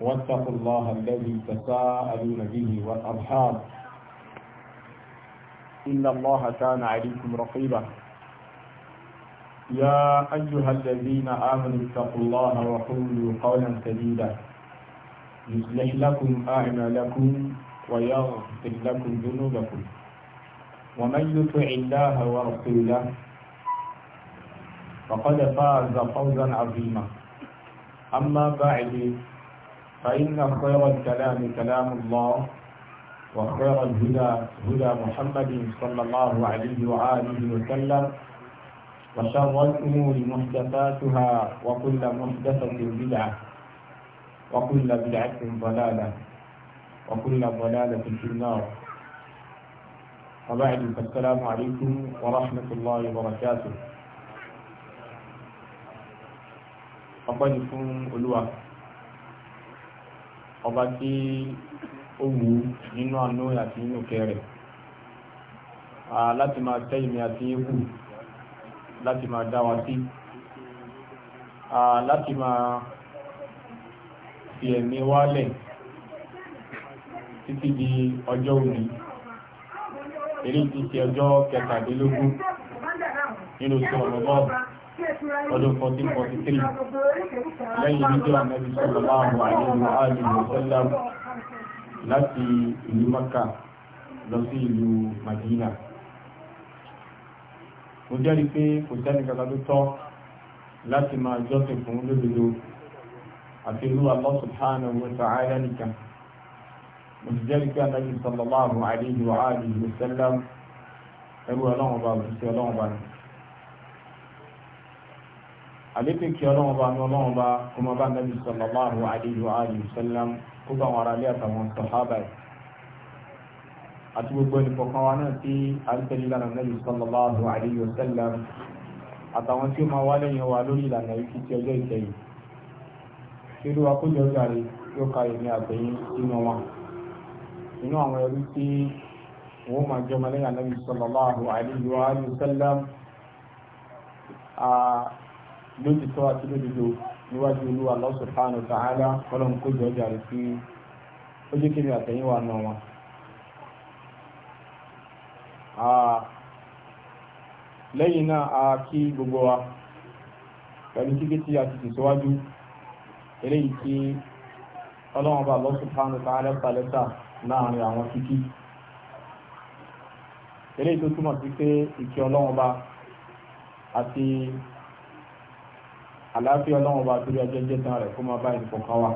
واتقوا الله الذي تساءلون به والأرحام إن الله كان عليكم رقيبا يا أيها الذين آمنوا اتقوا الله وقولوا قولا سديدا يصلح لكم أعمالكم ويغفر لكم ذنوبكم ومن يطع الله ورسوله فقد فاز فوزا عظيما أما بعد فإن خير الكلام كلام الله وخير الهدى هدى محمد صلى الله عليه وآله وسلم وشر الأمور محدثاتها وكل محدثة بدعة وكل بدعة ضلالة وكل ضلالة في النار وبعد فالسلام عليكم ورحمة الله وبركاته أقول لكم ọba tí ó wù nínú àánú àti nínú kẹrẹ láti máa tẹ́ ìmì àti ikú láti máa dá wa sí láti máa fi ẹ̀mí wálẹ̀ títí di ọjọ́ òní èyí tí ṣe ọjọ́ kẹtàdínlógún nínú oṣù ọ̀rọ̀ bọ́ọ̀lù ọdún 1443 lẹ́yìn níjọ́ Ànábì sallallahu alaihi wa alihi wa sallam láti ìlú Maka lọ sí ìlú Madina mo jẹ́rìí pé kò sẹ́ni kankan tó tọ́ láti máa jọ́sìn fún lódodo àti irú Allah subhanahu wa ta'ala nìkan mo sì jẹ́rìí pé Ànábì sallallahu alaihi ẹrú ọlọ́run ọba òṣìṣẹ́ ọlọ́run ọba nìkan àlékún kí ọlọ́run bá ní ọlọ́run bá kó máa bá nàbí sallallahu alayhi wa alihi wa sallam kó bá wọn ara lé àtàwọn sàhábà yìí àti gbogbo ẹnìkọ̀ọ̀kan wa náà tí a ń tẹ̀lé lánàá nàbí sallallahu alayhi wa sallam àtàwọn tí ó máa wá lẹ́yìn wa lórí ìlànà yìí títí ọjọ́ ìkẹyìn kí ló wa kójọ jàre yóò ka èmi àgbẹ̀yìn sínú wọn inú àwọn ẹrú tí wọ́n máa jọmọ lẹ́yìn ànábì sallallahu alayhi wa sallam lójútọ́ àti lódodo níwájú olúwa Allah subhanahu wa ta'ala ọlọ́run kó jọ ọjà rẹ̀ sí ojúkiri àtẹ̀yìnwá náà wọn. lẹ́yìn náà a kí gbogbo wa pẹ̀lú kíkí tí a ti tẹ̀síwájú eléyìí tí ọlọ́run bá Allah subhanahu wa ta'ala lẹ́sà láàrin àwọn kíkí eléyìí tó túmọ̀ sí pé ìkí ọlọ́run bá àti àlàáfíà ọlọ́run bá torí ọjọ́ jẹ́ tán rẹ̀ kó máa bá ìfọ̀ kan wá.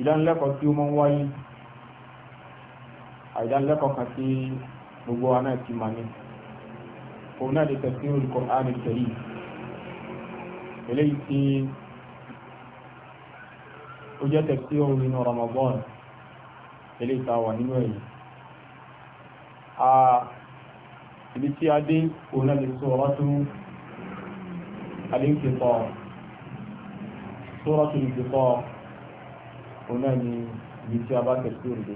ìdánilẹ́kọ̀ọ́ tí ó máa ń wáyé àìdánilẹ́kọ̀ọ́ kan tí gbogbo wa náà ti mà ní òun náà lè tẹ̀sí olùkọ́ àárín tẹ̀lé eléyìí tí ó jẹ́ tẹ̀sí òun inú Ramadan eléyìí tá a wà nínú ẹ̀yìn ibi tí a dé òun náà lè sọ ọ̀rọ̀ tó alínkìtọ̀ sọ́rọ̀ tó lè kìtọ̀ òun náà ni ibi tí a bá tẹ̀sí òde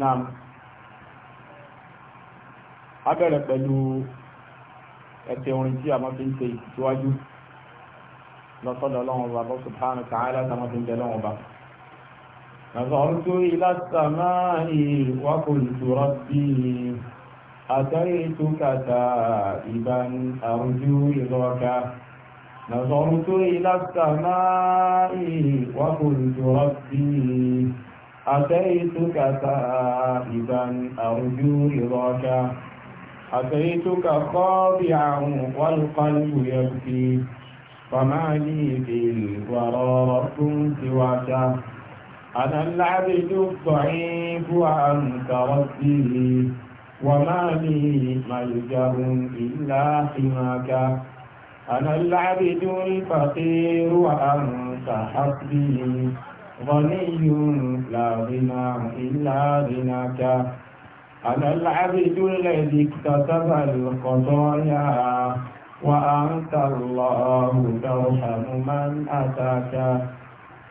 náà a bẹ̀rẹ̀ pẹ̀lú ẹ̀tẹ̀ orin tí a máa fi ń ṣe ìtìwájú lọ́sọ́dọ̀ ọlọ́run ọba subhanahu wa ta'ala tá a ń bẹ ọlọ́run ọba. نظرت إلى السماء وقلت ربي أتيتك تائبا أرجو رضاك نظرت إلى السماء وقلت ربي أتيتك تائبا أرجو رضاك أتيتك خاضعا والقلب يبكي فما لي في الورى رب سواك أنا العبد الضعيف وأنت ربي وما لي ملجأ إلا حماك أنا العبد الفقير وأنت حقي غني لا غنى إلا غناك أنا العبد الذي اكتسب الخطايا وأنت الله ترحم من أتاك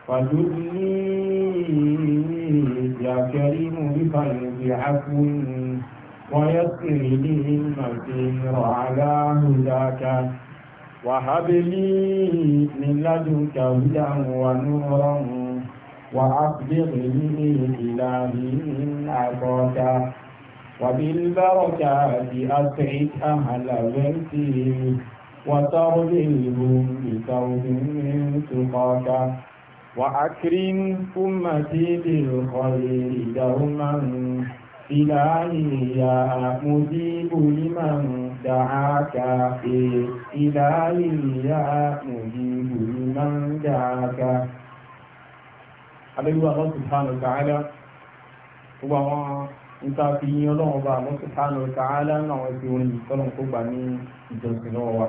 فجني يا كريم بخير عفو ويسر لي المسير على هداك وهب لي من لدنك هدى ونورا وأبلغني إلهي من عطاك وبالبركات أسعد أهل بيتي وترجلهم بثوب من تقاك وأكرم أمتي بالخير دوما إلهي يا مجيب لمن دعاك إيه إلهي يا مجيب لمن دعاك Adéwúwà Allah subhanahu wa ta'ala, gbogbo àwọn ìta fi yín ọlọ́run bá Allah subhanahu wa náà wọ́n ti orin ìtọ́lọ̀ tó gbà ní ìjọsìn lọ́wọ́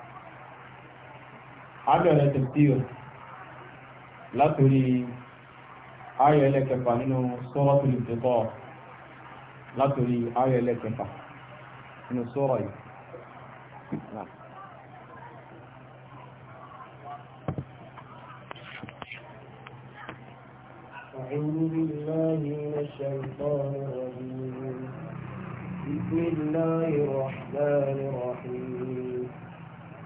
abẹ̀rẹ̀ tẹ̀síọ̀ látòrí ayọ̀ ẹlẹ́kẹfà nínú sọ́rọ̀ tó lè tẹ̀kọ́ látòrí ayọ̀ ẹlẹ́kẹfà nínú sọ́rọ̀ yìí. أعوذ بالله من الشيطان الرجيم بسم الله الرحمن الرحيم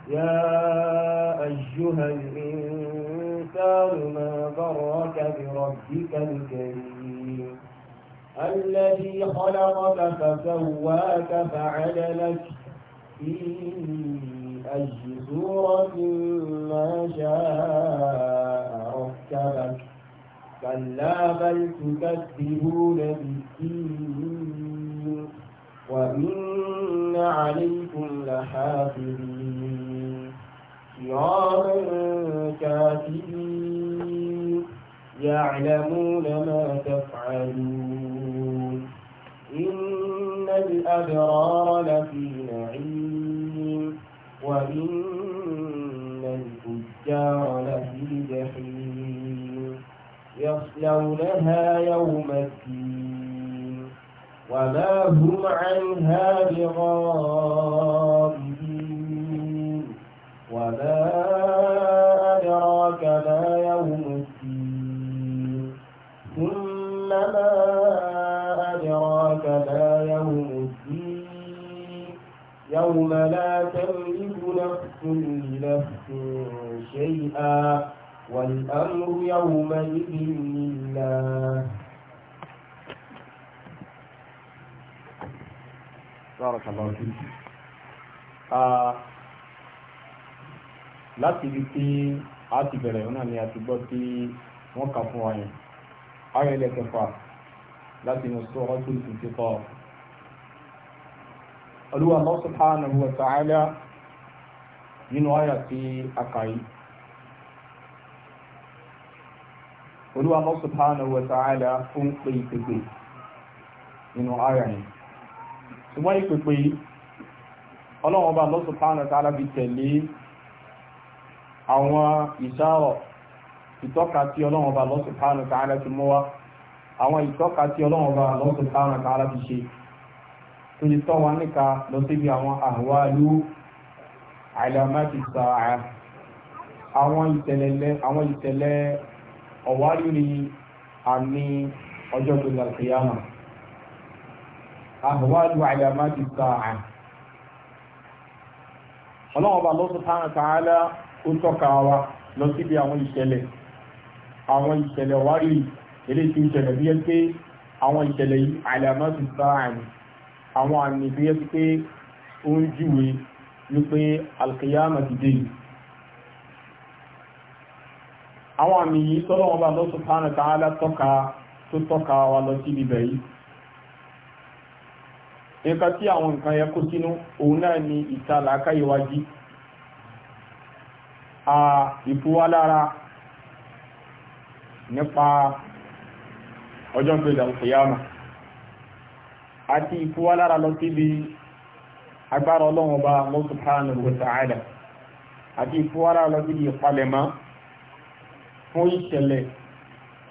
يا أيها الإنسان ما غرك بربك الكريم الذي خلقك فسواك فعدلك في أي سورة ما شاء ركبك كلا بل تكذبون بالدين وإن عليكم لحافظين كراما كاتبين يعلمون ما تفعلون إن الأبرار لفي نعيم وإن الفجار لفي جحيم يصلونها يوم الدين وما هم عنها بغار اليوم لا تملك نفس لنفس شيئا والأمر يومئذ لله بارك الله فيك láti ibi tí a ti bẹ̀rẹ̀ ọ̀nà ni a ti gbọ́ tí wọ́n kà fún wa yẹn ayọ̀ ilẹ̀ kẹfà láti inú sọ́ọ́tún tuntun kọ́ olúwa Allah subhanahu wa ta'ala nínú àyà tí a kà yìí olúwa Allah subhanahu wa ta'ala ó ń pè ìpèpè nínú àyà yìí ṣùgbọ́n ìpèpè ọlọ́run ọba Allah subhanahu wa ta'ala fi tẹ̀lé àwọn ìṣàrọ̀ ìtọ́ka tí ọlọ́run ọba Allah subhanahu wa ta'ala ti mú wa àwọn ìtọ́ka tí ọlọ́run ọba Allah subhanahu wa ta'ala ti ṣe tó lè tọ́ wọn níka lọ síbi àwọn àwálú àìlàmáàtì sàá àwọn ìṣẹ̀lẹ̀ ọ̀wárí ni ọjọ́ gbogbo àkìyàmà àwálú àìlàmáàtì sàá ọlọ́wọ́n bá lọ́sùn táwọn tààlà ó tọ́ka wa lọ síbi àwọn ìṣẹ̀lẹ̀ àwọn ọ̀wárí bí ẹ pé àwọn yìí àìlàmáàtì sàá àwọn àmì tó yẹ sí pé ó ń júwe wípé alkiyama ti dé àwọn àmì yìí tọ́lọ́ wọn bá lọ subhanahu wa ta'ala tọ́ka tó tọ́ka wa lọ sí ibẹ̀ yìí nǹkan tí àwọn nǹkan yẹ kó sínú òun náà ni ìtàlá káyíwájí a ìfúwalára nípa ọjọ́ ìgbèdà alkiyama àti ìfúwalára lọ síbi agbára ọlọ́run ọba subhanahu wa ta'ala àti ìfúwalára lọ síbi ìpalẹ̀mọ́ fún ìṣẹ̀lẹ̀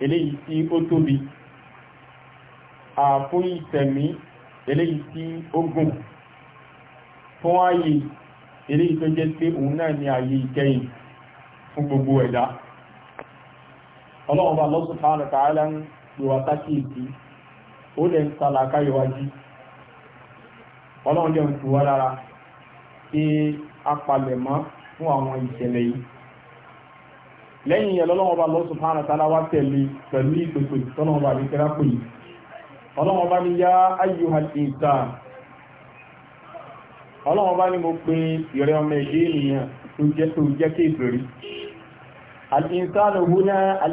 eléyìí tí ó tóbi àfún ìtẹ̀mí eléyìí tí ó gùn fún ààyè eléyìí tó jẹ́ pé òun náà ni ààyè ìkẹyìn fún gbogbo ẹ̀dá ọlọ́run ọba subhanahu wa ń pè sákìyèsí ó lè ń tàlàkà ìwájú ọlọ́run jẹ́ òtù wá lára kí a palẹ̀ mọ́ fún àwọn ìṣẹ̀lẹ̀ yìí lẹ́yìn yẹn lọ́lọ́wọ́ bá lọ́sùn fún àrátálá wá tẹ̀lé pẹ̀lú ìpèsè tọ́lọ́wọ́ bá rí kẹ́rà pè yìí ọlọ́wọ́ bá ní yá ayyuhal insan ọlọ́wọ́ bá ní mo pe ìrẹ́ ọmọ ẹ̀dẹ́ ènìyàn tó jẹ́ tó jẹ́ kéèkèrí al-insanu huna al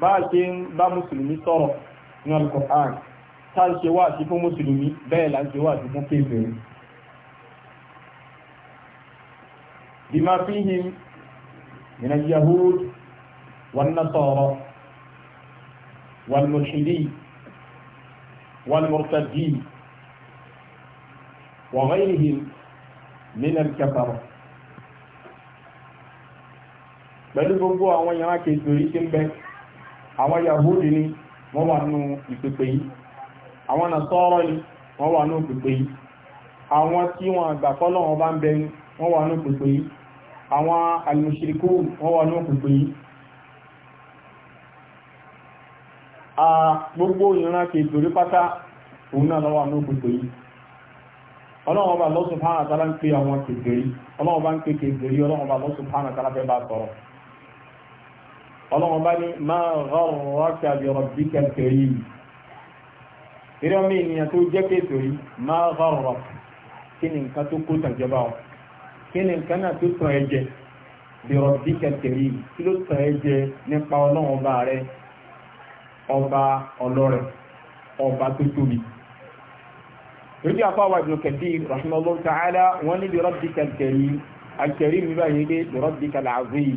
bá a ṣe ń bá mùsùlùmí sọ̀rọ̀ ní alukur'an tá a ṣe wáàsí fún mùsùlùmí bẹ́ẹ̀ là ń ṣe wáàsí fún kébèrè bima fihim من اليهود والنصارى والملحدين والمرتدين وغيرهم من الكفرة بل بقوا أن يراك يسوري àwọn yahudi ni wọ́n wà nú ìpèpè yìí àwọn nasọ́rọ̀ ni wọ́n wà nú ìpèpè yìí àwọn tí wọ́n àgbà fọ́lọ́wọ́n bá ń bẹ wọ́n wà yìí àwọn wọ́n wà yìí a gbogbo ìran kèbèrè pátá òun náà lọ́wọ́ nú ìpèpè yìí ọlọ́wọ́n bá lọ́sùn fáwọn ń pè àwọn kèbèrè ọlọ́wọ́n bá ń pè bá lọ́sùn fẹ́ bá sọ̀rọ̀ ọlọ́run bá ní máa gharraka bi rabbikal karim eré ọmọ ènìyàn tó jẹ́ kéètò yìí máa gharraka kí ni nǹkan tó kó tàjọba ọ kí ni nǹkan náà tó tàn ẹ̀jẹ̀ bi rabbikal karim kí ló tàn ẹ̀jẹ̀ nípa ọlọ́run ọba rẹ ọba ọlọ́rẹ ọba tó tóbi lójú àfáwà Ibn Kathir rahimahullahu ta'ala wọ́n ní bi rabbikal karim al-karim báyìí dé bi rabbikal azim yìí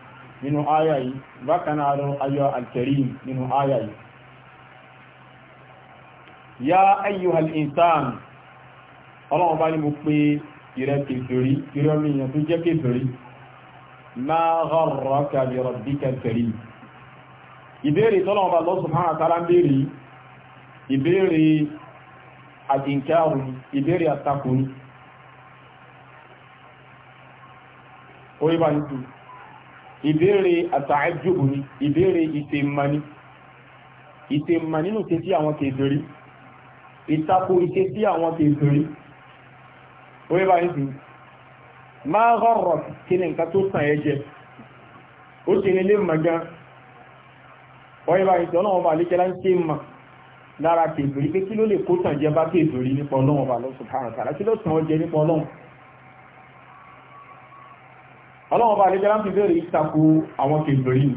nínú àyà yìí bákaná ayọ́ alkarim nínú àyà yìí ya ayyuhal insan ọlọ́run bá ní mo pé ìrẹ́ kèfèrí ìrẹ́ omíyàn tó jẹ́ kèfèrí ma gharraka bi rabbika alkarim ìbéèrè tọ́lọ́run bá Allah subhanahu ìbéèrè àtàájòbù ni ìbéèrè ìtẹ̀mọ̀ni ìtẹ̀mọ̀ nínú ìtẹ́sí àwọn kèfèrí ìtakò ìtẹ́sí àwọn kèfèrí orí bá ń fi máa rọ̀rọ̀ kí ni nǹkan tó sàn ẹ jẹ ó ṣe nílé mọ̀gán orí bá ń fi ọlọ́wọ́n bá lékẹ́lá ń ṣe mọ̀ lára kèfèrí pé kí ló lè kó sàn jẹ bá kèfèrí nípa ọlọ́wọ́n bá lọ́sùn ọlọ́wọ́ bá alẹ́jẹ́ láti bẹ̀rẹ̀ ìtakò àwọn kèbèrè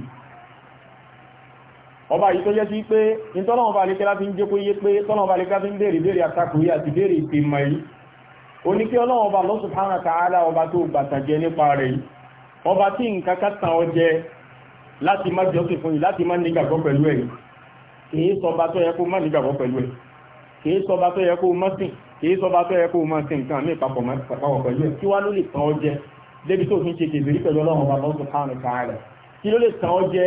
ọba yìí tó jẹ́ sí pé ìtọ́lọ́wọ́ bá alẹ́jẹ́ láti ń jẹ́ kó yé pé tọ́lọ́wọ́ bá alẹ́jẹ́ láti ń bẹ̀rẹ̀ ìbẹ̀rẹ̀ àtakò yìí àti bẹ̀rẹ̀ ìpè mọ̀ yìí ó ní kí ọlọ́wọ́ bá Allah subhanahu wa ta'ala ọba tó gbàtàjẹ́ nípa rẹ̀ yìí ọba tí nǹkan kátà ọjẹ́ láti má jọ́sìn fún yìí láti má nígbàgbọ́ pẹ̀lú ẹ̀ kìí kí wá ló lè tán ọjẹ́ débi tó fi ń ṣe kèbèrè pẹ̀lú ọlọ́run bá lọ́sùn káàrùn káàrẹ̀ kí ló lè tàn ọ́ jẹ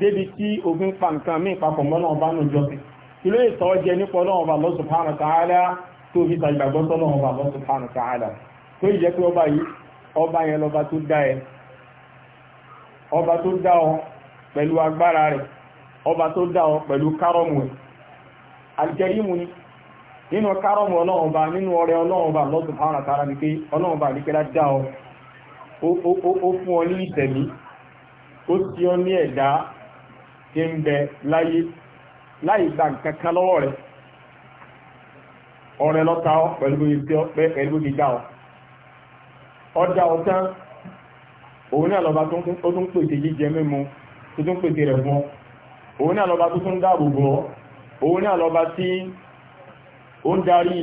débi tí òfin pa nǹkan míì papọ̀ mọ́lọ́run bá nù jọsìn kí ló lè tàn ọ́ jẹ nípa ọlọ́run bá lọ́sùn káàrùn káàrẹ̀ tó fi ta ìgbàgbọ́ sọ́lọ́run bá lọ́sùn káàrùn káàrẹ̀ tó yìí jẹ́ pé ọba yìí ọba yẹn lọba tó dá ẹ ọba tó dá ọ pẹ̀lú agbára rẹ̀ ọba tó dá ọ pẹ̀lú kárọ̀mù ẹ̀ alìkẹ́rímù ni nínú kárọ̀mù ọlọ́run bá nínú ọrẹ ọlọ́run bá lọ́sùn káàrùn káàrẹ̀ ni pé ọlọ́run bá ní kẹ́lá dá ọ ó fún ọ ní ìtẹ̀mí ó sì ọ ní ẹ̀dá tí ń bẹ láyé láì gba nǹkan kan lọ́wọ́ rẹ̀ ọ̀rẹ́ lọ́ta ọ pẹ̀lú pẹ̀lú gíga ọ ọjà ọ̀tán òun náà lọ́ba tó tún pèsè jíjẹ mímu tó tún pèsè rẹ̀ fún ọ òun náà lọ́ba tó tún dáàbò bò ọ òun náà lọ́ba tí ó ń darí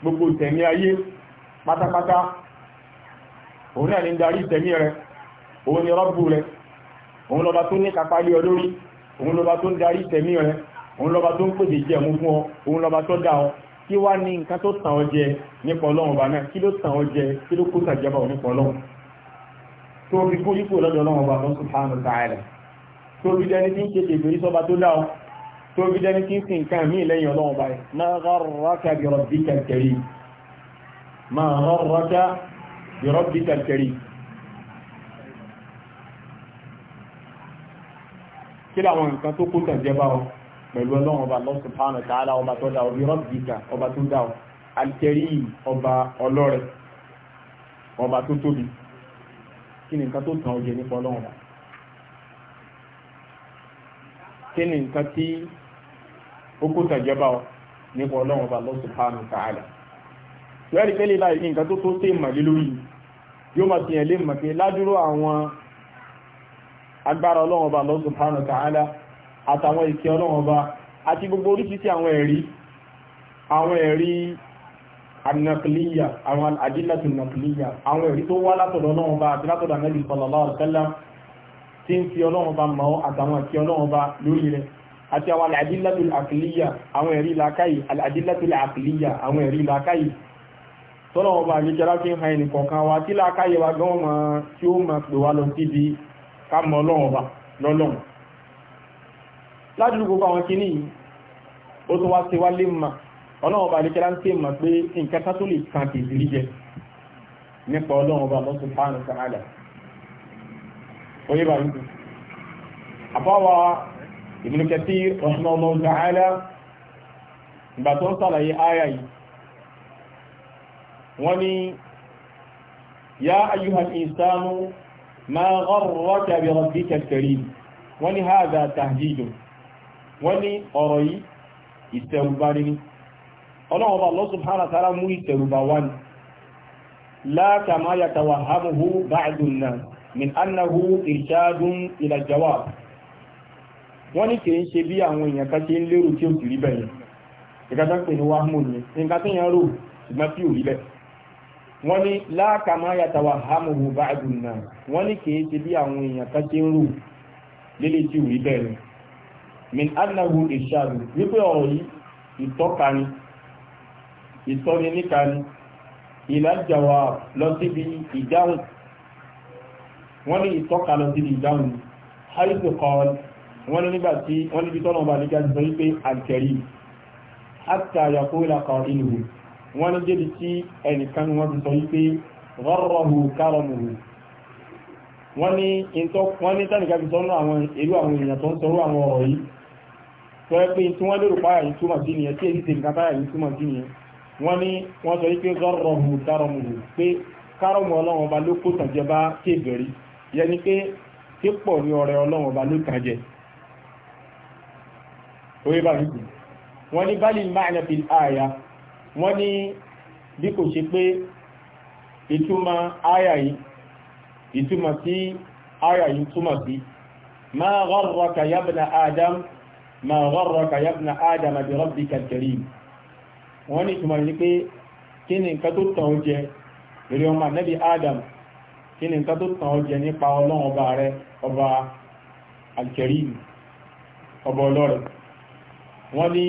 gbogbo tẹ̀mí ayé pátápátá òun náà ni ń darí ìtẹ̀mí rẹ̀ òun ni rọ́bù rẹ̀ òun lọba tó ní kápá lé ọ lórí òun lọba tó ń darí ìtẹ̀mí rẹ̀ òun lọba tó ń pèsè jẹ mú fún ọ òun lọba tó dá ọ kí wá ní nǹkan tó tàn ọ jẹ nípa ọlọ́run ọba náà kí ló tàn ọ jẹ kí ló kó tàjẹba ọ nípa ọlọ́run tó fi kú yípo lọ́dọ̀ ọlọ́run ọba tó subhanahu ta'ala tó fi dẹni tí ń ṣe kèfèrí sọba tó dá ọ tó fi dẹni tí ń sin nǹkan míì lẹ́yìn ọlọ́run ọba yìí ma gharraka bi rabbikal karim kí làwọn nǹkan tó kó tàn jẹba ọ pẹ̀lú ọlọ́run ọba Allah subhanahu wa ta'ala ọba tó dá ọ bi rabbika ọba tó dá ọ al-karim ọba ọlọ́rẹ̀ ọba tó tóbi kí ni nǹkan tó tàn ọ jẹ nípa ọlọ́run ọba kí ni nǹkan tí ó kó tàn jẹba ọ nípa ọlọ́run ọba Allah subhanahu wa ta'ala tó yẹ́rì pé lè láì ní nǹkan tó tó sí ìmọ̀lélórí yóò máa fihàn lè mọ̀ pé ládúró àwọn agbára ọlọ́run ọba Allah subhanahu wa ta'ala àtàwọn ìkẹ́ ọlọ́run ọba àti gbogbo oríṣiríṣi àwọn ẹ̀rí àwọn ẹ̀rí anakiliya àwọn adílàtì nakiliya àwọn ẹ̀rí tó wá látọ̀dọ̀ ọlọ́run ọba àti látọ̀dọ̀ anábì sallallahu alaihi wasallam tí ń fi ọlọ́run ọba mọ́ àtàwọn ìkẹ́ ọlọ́run tọ́lọ́wọ́ bá yíjẹ́ láti ń ha ẹnì kọ̀ọ̀kan wa tí láàkáyẹ wa gan mọ̀ tí ó mọ̀ pè wá lọ síbi ká mọ̀ ọlọ́run bá lọ́lọ́run ládùúgbò àwọn kìíní ó tó wá sí wá lé mà ọlọ́run bá yíjẹ́ láti mọ̀ pé nǹkan ká tó lè kan kì í jẹ nípa ọlọ́run bá lọ́sùn fáànù sàádà oyè bá yíjẹ́ àbáwa Ibn Kathir rahimahullahu ta'ala ìgbà tó ń sàlàyé áyà yìí wọ́n ní ya ayyuhal insanu ma gharraka bi rabbikal karim wọ́n ní hadha tahdidun wọ́n ní ọ̀rọ̀ yìí ìtẹ̀rùbá ní ọlọ́wọ́ bá Allah subhanahu wa ta'ala mú ìtẹ̀rùbá wá ní la kama yatawahhamuhu ba'dun nas min annahu irshadun ila jawab wọ́n ní kìí ṣe bí àwọn èèyàn kan ṣe ń lérò tí ó sì rí bẹ̀yẹn ìkàtà pè wahmun ní nǹkan tí yẹn rò ṣùgbọ́n tí ò rí bẹ́ẹ̀ wọ́n ní láàkàmá yàtàwà hàmùhù bá àdùnnà wọ́n ní kìí ṣe bí àwọn èèyàn kan ti ń rù lílé tí ò rí bẹ́ẹ̀ min annahu ìṣàlù wípé ọ̀rọ̀ yìí ìtọ́ka ni ìtọ́ni níka ni ìlàjàwà lọ síbi ìdáhùn wọ́n ní ìtọ́ka lọ síbi ìdáhùn haitu kọ́ọ̀lù wọ́n ní nígbà tí wọ́n níbi tọ́nà ọba nígbà tí sọ wípé àjẹrí hatta yaqula qailuhu wọ́n ló débi tí ẹnìkan wọ́n ti sọ wípé rọ́rọ̀hù kárọ̀mùhù wọ́n ní tánìkà fi sọ́nà àwọn èrú àwọn èèyàn tó ń sọ̀rọ̀ àwọn ọ̀rọ̀ yìí tó ẹ pé tí wọ́n lérò páyà yìí túmọ̀ sí nìyẹn tí èyí ti nǹkan yìí túmọ̀ sí nìyẹn wọ́n ní wọ́n sọ wọ́n ní bí kò ṣe pé ìtumọ̀ àyà yìí ìtumọ̀ sí àyà yìí túmọ̀ sí ma gharraka ya ibna adam ma gharraka ya ibna adam bi rabbikal karim wọ́n ní ìtumọ̀ ní pé kí ni nǹkan tó tàn ó jẹ rí ọmọ nẹ́bí adam kí ni nǹkan tó tàn ó jẹ nípa ọlọ́run rẹ ọba al ọba ọlọ́rẹ̀ wọ́n ní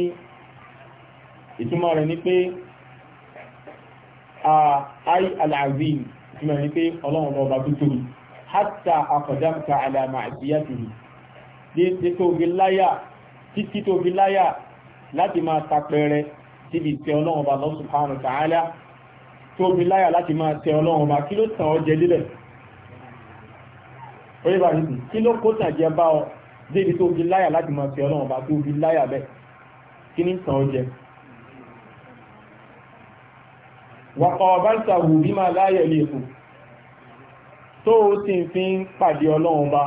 ìtumọ̀ rẹ̀ ni pé àì al-azim ìtumọ̀ rẹ̀ ni pé ọlọ́run ọba tó tóbi hatta aqdamta ala ma'siyatihi dé tóbi láyà títí tóbi láyà láti máa tapẹrẹ síbi tẹ ọlọ́run ọba Allah subhanahu wa tóbi láyà láti máa tẹ ọlọ́run ọba kí ló tàn ọ débi kí ní tàn jẹ wàkọ̀ọ̀báltàwù bí máa láyẹ̀ lè fún tó o ti fi ń pàdé ọlọ́run bá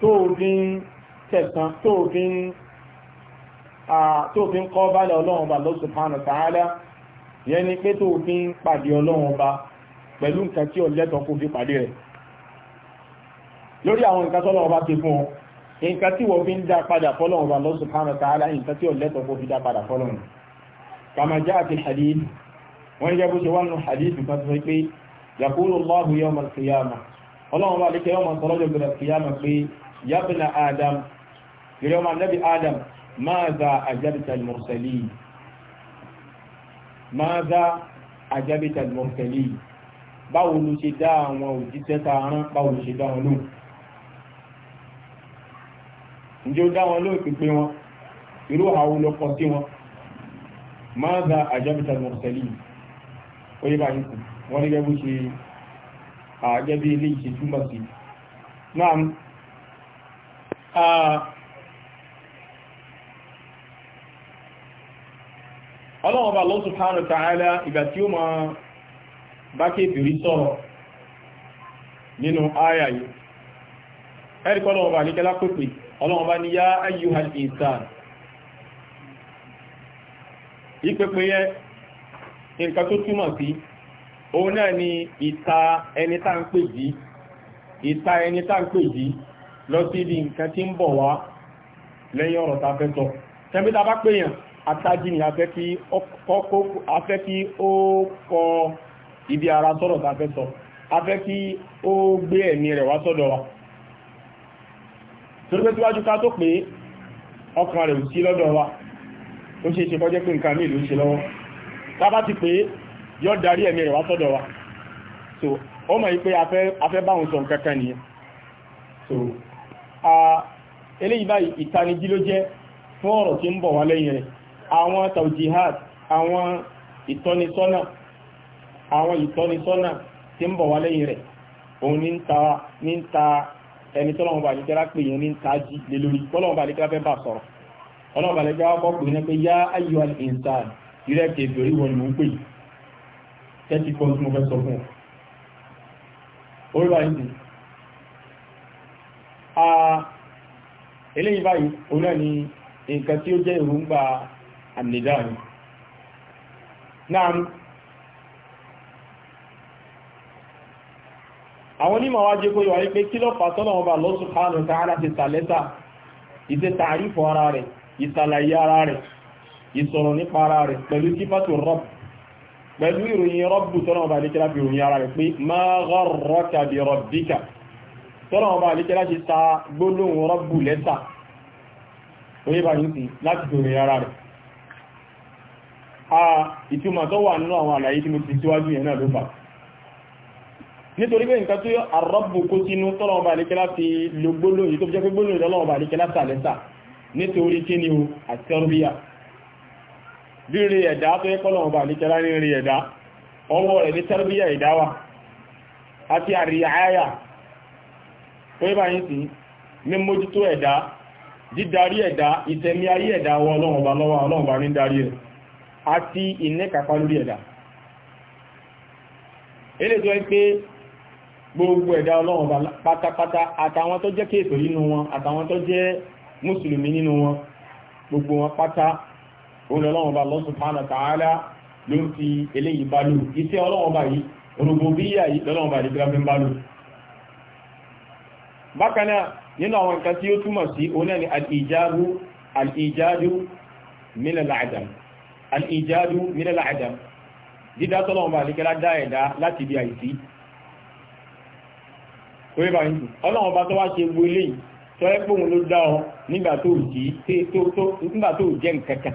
tó o fi ń tẹ̀sán tó o fi ń kọ́ bálẹ̀ ọlọ́run bá Allah subhanahu wa ta'ala yẹn ni pé tó o fi ń pàdé ọlọ́run bá pẹ̀lú nǹkan tí ọlẹ́tọ̀ kó fi pàdé rẹ̀ lórí àwọn nǹkan tọ́lọ́run bá ti fún ọ nǹkan tí wọ́n fi ń dá padà fọ́lọ́run bá Allah subhanahu wa nǹkan tí ọlẹ́tọ̀ kó fi dá padà fọ́lọ́run kàmájá àti hadith wọ́n jẹ́ bó ṣe wá nù hadithu kan tó pé yaqulu Allahu yawm al-qiyamah ọlọ́run bá lè kẹ́ yawm sọ́lọ́jọ́ gbẹ̀rẹ̀ qiyamah pé ya ibna adam gẹ̀rẹ́ ọmọ nabi adam maza ajabta al-mursalin maza ajabta al-mursalin báwo ló ṣe dá àwọn òjíṣẹ́ orí bá yìí wọ́n ní gẹ́gẹ́ ṣe àgẹ́bí ilé ìṣe túmọ̀ sí náà ọlọ́wọ́ bá Allah subhanahu wa ìgbà tí ó ma bá kéfèrí sọ̀rọ̀ nínú àyà yìí ẹ̀rí kọ́ ọlọ́wọ́ bá ní ọlọ́wọ́ bá ní yá ayyuhal insan ìpèpè yẹ nǹkan tó túmọ̀ sí òun náà ni ìta ẹni tá ń pè jí ìta ẹni tá ń pè jí lọ sí ibi nǹkan tí ń bọ̀ wá lẹ́yìn ọ̀rọ̀ tá a fẹ́ bá pèèyàn atájí ni a fẹ́ kí ó kọ ibi ara a a fẹ́ kí ó gbé ẹ̀mí rẹ̀ wá wa tíwájú ká tó pé ọkàn tábà ti pé yọ darí ẹ̀mí rẹ̀ wá sọ́dọ̀ wa so ọ mọ̀ pé afẹ́ báwọn sọ nǹkan kan nìyẹn so eléyìí báyìí ìtanijí ló jẹ́ fún ọ̀rọ̀ tí ń bọ̀ wá lẹ́yìn rẹ̀ àwọn tawjihad àwọn ìtọ́nisọ́nà àwọn ìtọ́nisọ́nà tí ń bọ̀ wá lẹ́yìn rẹ̀ òun ní ń ta ẹni bá pè yẹn ní ń ta jí lórí bá fẹ́ sọ̀rọ̀ bá kọ́ ìrẹ́kẹ̀ ìbẹ̀rí wọn ló ń pè tẹ́tí kan tí mo fẹ́ sọ fún ọ orí báyìí sí a eléyìí báyìí òun náà ni nǹkan tí ó jẹ́ èròǹgbà àmìlẹ́dá rẹ̀ náà àwọn onímọ̀ wájú kó yọ wípé kí ló fà sọ́nà ọba Allah subhanahu wa ti sàlẹ́sà ìṣe tààrífọ̀ ara rẹ̀ ìsàlàyé ara rẹ̀ ìsọ̀rọ̀ nípa ara rẹ̀ pẹ̀lú sífàtò rọ́bù pẹ̀lú ìròyìn rọ́bù tọ́nà ọba àdíkẹ́lá fi ròyìn ara rẹ̀ pé ma gharraka bi rabbika tọ́nà ọba àdíkẹ́lá ti ta gbólóhùn rọ́bù lẹ́tà oníbà ní sí láti ròyìn ara rẹ̀ a ìtumọ̀ tó wà nínú àwọn àlàyé tí mo ti síwájú yẹn nítorí pé nǹkan tó àrọ́bù kó sínú tọ́nà ọba fi lo gbólóhùn yìí pé gbólóhùn tọ́nà ọba àdíkẹ́lá nítorí kí ni o àti ọ̀rọ̀ rírí ẹ̀dá tó yẹ kọ́lọ̀ ọba àníkẹ́lá ní rí ẹ̀dá ọwọ́ rẹ̀ ní tẹ́rẹ̀bíyà wa àti àríyáyà tó yẹ báyìí sí ní mójútó ẹ̀dá dídarí ẹ̀dá ìtẹ̀mí ayé ẹ̀dá wọ ọlọ́run ọba lọ́wọ́ ọlọ́run ọba ní darí rẹ̀ gbogbo ẹ̀dá pátápátá àtàwọn tó jẹ́ nínú wọn àtàwọn tó jẹ́ gbogbo wọn pátá òun lọ́wọ́ bá Allah subhanahu wa ta'ala ló ń fi eléyìí bá lò iṣẹ́ ọlọ́wọ́ bá yìí rububiyya yìí lọ́wọ́ bá yìí gbáfí ń bá lò bákan náà nínú àwọn nǹkan tí ó túmọ̀ sí oní ni al-ijabu al-ijadu min al-adam al-ijadu min dídá tọ́lọ́wọ́ bá dá ẹ̀dá láti bí àìsí tó wá pòun ló dá ọ nígbà tó jẹ́ nǹkankan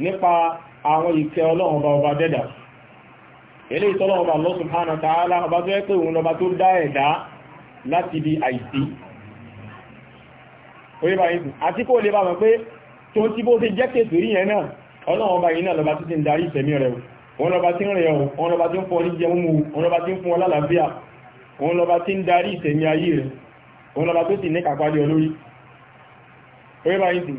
nípa àwọn ìkẹ́ ọlọ́run ọba ọba dẹ́dà ilé ìtọ́lọ́run ọba Allah subhanahu wa ta'ala ọba tó ẹ́pẹ́ òun ọba tó dá ẹ̀dá láti di àìsí orípa ìsù àti kó lè bá mọ̀ pé tó tí bó ti jẹ́ kèsù rí yẹn náà ọlọ́run ọba yìí náà lọba títí ń darí ìfẹ̀mí rẹ̀ òun lọba tí ń rẹ̀ òun lọba tí ń fún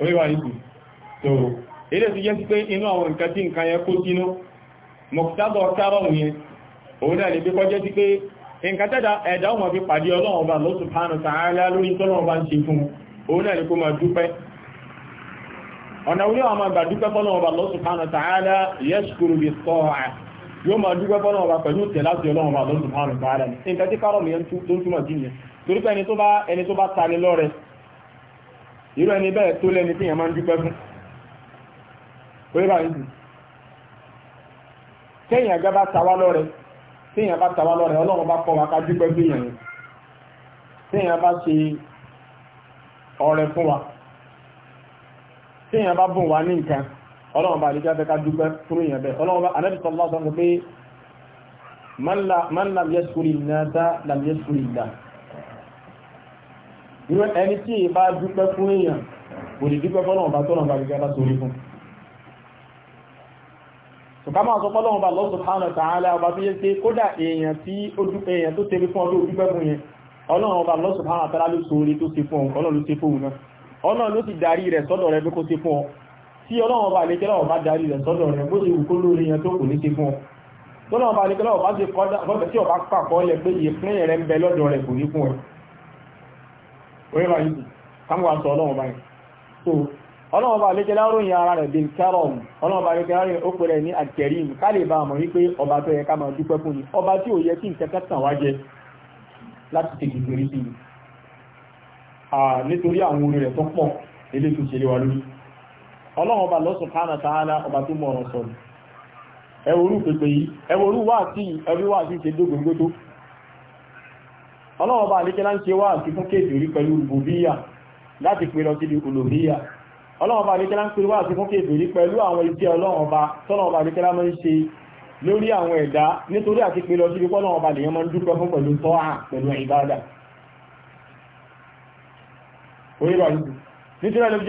oríwà ìsìn so ilé ti jẹ́ sí pé inú àwọn nǹkan tí nǹkan yẹn kó sínú mọ̀kútàbọ̀ sábà òun yẹn òun náà lè pẹ́kọ́ jẹ́ sí pé nǹkan tẹ́dà ẹ̀dà ọmọ fi pàdé ọlọ́run ọba ló subhanahu ta'ala lórí tọ́lọ́run ọba ń ṣe fún òun náà lè kó máa dúpẹ́ ọ̀nà orí àwọn àgbà dúpẹ́ fọ́lọ́run ọba ló subhanahu tani lọ́rẹ̀ irú ẹni bẹ́ẹ̀ tó lẹ́ni tí yẹn máa ń dúpẹ́ fún orílẹ̀ ìlú kẹ́yìn àgbà bá tawá lọ́rẹ̀ tíyàn bá tawá lọ́rẹ̀ ọlọ́run bá kọ́ wa ká dúpẹ́ fún yẹn tíyàn bá ṣe ọrẹ fún wa tíyàn bá bùn wa ní nǹkan ọlọ́run bá lè jáde ká dúpẹ́ fún yẹn bẹ́ẹ̀ ọlọ́run bá anẹ́bí pé man lam yashkuri nnasa lam yashkuri ní ẹni tí è bá dúpẹ́ fún èèyàn kò lè dúpẹ́ fọ́lọ́wọ́n bá tọ́lọ́wọ́n bá gẹ́gẹ́ bá sórí fún ṣùgbọ́n máa sọ fọ́lọ́wọ́n bá lọ́sọ̀ tánà tààlà ọba tó yẹ pé kódà èèyàn tí ó dúpẹ́ èèyàn tó tẹ́lẹ̀ fún ọdún dúpẹ́ fún yẹn ọlọ́run ọba lọ́sọ̀ tánà tààlà ló sórí tó ṣe fún ọlọ́run ló ṣe fún òun náà ọlọ́run ló ti darí rẹ̀ sọ́dọ̀ rẹ̀ bí kò ṣe fún ọ tí ọlọ́run ọba àlejò ọba darí rẹ̀ sọ́dọ̀ rẹ̀ bó ṣe wù kó lórí yẹn tó kò ní ṣe fún ọ tọ́lọ́run ọba àlejò ọba ti kọ́ tí ọba pàkọ́ lẹ pé ìpín rẹ̀ ń bẹ lọ́dọ̀ rẹ̀ kò ní fún ọ orílẹ̀ ayébì káwọn aṣọ ọlọ́wọ̀n báyìí so ọlọ́wọ̀n bá lékẹ́ láròyìn ara rẹ̀ bí kẹrọm ọlọ́wọ̀n bá lékẹ́ láròyìn ó pẹ̀rẹ̀ ní àkẹrìm kálẹ̀ bá mọ̀ wípé ọba tó yẹ ká máa dúpẹ́ fún ni ọba tí ò yẹ kí nkẹ́kẹ́ tàn wá jẹ láti tètè gbèrè sí i nítorí àwọn orin rẹ̀ tó pọ̀ ilé tó ṣeré wa lórí ọlọ́wọ̀n ọba subhanahu wa ta'ala ọba tó mọ̀ ọ̀rọ̀ sọ̀rọ̀ ẹwọ́rú pẹ̀pẹ̀ yìí ẹwọ́rú wà sí ẹwọ́rú wà sí ṣe dógóngó tó ọlọ́wọ́ bá alékẹ́lá ń ṣe wá àti fún kéèkèrí pẹ̀lú rububiyya láti pè lọ síbi uluhiyya ọlọ́wọ́ bá alékẹ́lá ń pè wá àti fún kéèkèrí pẹ̀lú àwọn iṣẹ́ ọlọ́wọ́ bá tọ́lọ́wọ́ bá alékẹ́lá máa ń ṣe lórí àwọn ẹ̀dá nítorí àti pè lọ síbi pọ́lọ́wọ́ bá lèyàn máa ń dúpẹ́ fún pẹ̀lú tọ́hà pẹ̀lú ìbádà nítorí àlọ́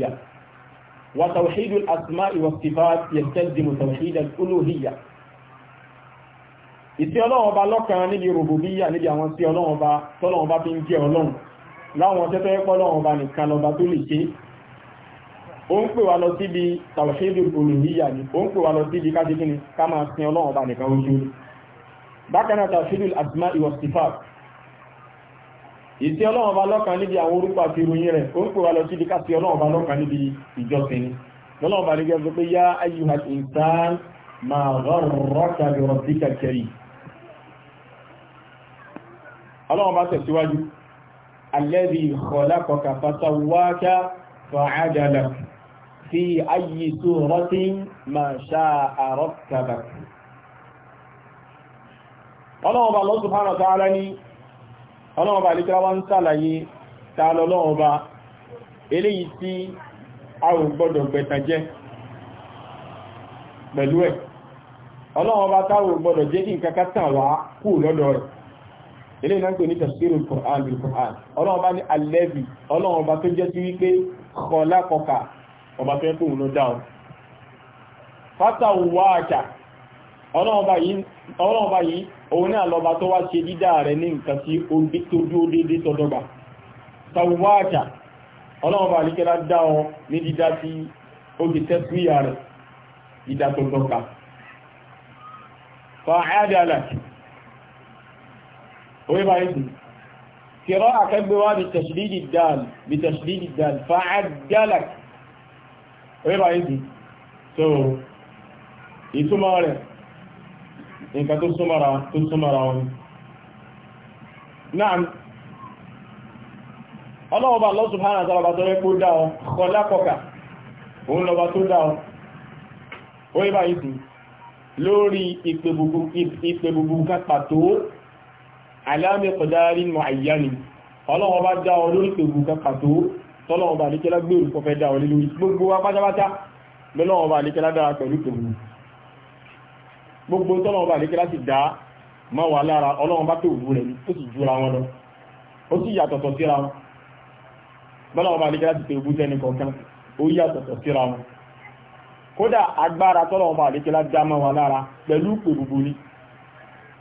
jẹ́ wa tawhidu asmai was-sifat yastalzimu tawhida al ìsí ọlọ́run ọba lọ́kàn níbi rògbòdíyà níbi àwọn sí ọlọ́run ọba tọ́lọ́run ọba fi ń jẹ́ ọlọ́run láwọn tẹ́tọ́ ẹ̀pọ́ ọlọ́run ọba nìkan lọba tó lè ṣe ó ń pè wá lọ síbi tàwọ̀ṣẹ́dù olùyíyà ni ó ń pè wá lọ síbi ká síkí ni ká máa sin ọlọ́run ọba nìkan ojú bákan náà tàwọ̀ṣẹ́dù àtìmá ìwọ̀ stifaf ìsí ọlọ́run ọba lọ́kàn níbi àwọn ma gharraka bi rabbika karim ọlọ́run bá tẹ̀síwájú alladhi khalaqaka fasawwaka fa'adalak fi ayyi suratin ma sha'a rakkabak ọlọ́run bá Allah subhanahu wa ta'ala ní ọlọ́run bá lítọ́ wá ń sàlàyé tààlọ́lọ́run bá eléyìí tí a ò gbọ́dọ̀ gbẹ̀tàjẹ́ pẹ̀lú ẹ̀ ọlọ́run bá táwọn gbọ́dọ̀ jẹ́ kí nǹkan ká wá kú lọ́dọ̀ rẹ̀ ilé ìná ń pè ní tafsirul Qur'an bil Qur'an ọlọ́run bá ní alẹ́bì ọlọ́run ọba tó jẹ́ sí wípé kọlá kọkà ọba tó yẹ kó wùn ló dáhùn fátà wáàkà ọlọ́run ọba yìí òun náà lọ́ba tó wá ṣe dídá rẹ̀ ní nǹkan tí ó dúró déédéé tọ́dọ́gba tàwáàkà ọlọ́run ọba àríkẹ́lá dá ọ ní dídá tí ó ti tẹ́síyà rẹ̀ dídá tọ́dọ́gba fàáyádàlàkì orí bá yìí kìrọ akẹgbẹ̀wà bí tẹ̀ṣìdìdì dal bí tẹ̀ṣìdìdì dal fa'adalak orí bá yìí so ìtumọ̀ rẹ̀ nǹkan tó súnmọ́ra tó súnmọ́ra wọn náà ọlọ́ọ̀bá Allah subhanahu wa ta'ala bá tọ́rẹ kó dáọ kọlákọ́kà òun lọ bá tó dáọ orí bá yìí lórí ìpè gbogbo ká pàtó alámẹ́kọ̀dárí mọ̀àyáni ọlọ́wọ́ bá dá ọ lórí pẹ̀lú kàkàtó tọ́lọ́wọ́ bá lékẹ́lá gbèrú kọfẹ́ dá ọ lórí gbogbo wa pátápátá lọ́lọ́wọ́ bá lékẹ́lá dára pẹ̀lú pẹ̀lú gbogbo tọ́lọ́wọ́ bá lékẹ́lá ti dá ma wà lára ọlọ́wọ́ bá tó wù rẹ̀ ó sì jura wọn lọ ó sì yàtọ̀tọ̀ síra wọn bọ́lọ́wọ́ bá lékẹ́lá ti pè ogún pẹ̀lú pẹ̀lú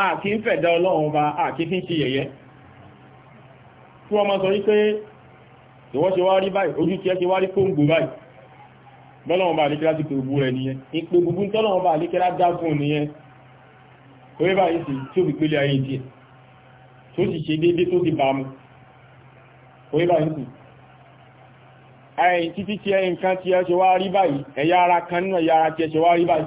àti ń fẹ̀dá ọlọ́run ọba àti fi ń ṣe yẹ̀yẹ́ fún ọmọ sọ wípé ìwọ́n ṣe wá rí báyìí ojú tí ẹ ṣe wá rí kóǹgò báyìí bọ́lọ́run ọba àlékẹ́lá ti pèrògbò rẹ̀ nìyẹn ìpè gbogbo tọ́lọ́run ọba àlékẹ́lá dá fún nìyẹn orí báyìí sì tí ó fi pélé ayé díẹ̀ tó sì ṣe déédé tó ti bàmú orí báyìí sì ẹ̀yìn títí tí ẹ̀yìn kan tí ẹ ṣe wá rí báyìí ẹ̀yà ara kan nínú ẹ̀yà ara tí ẹ ṣe wá rí báyìí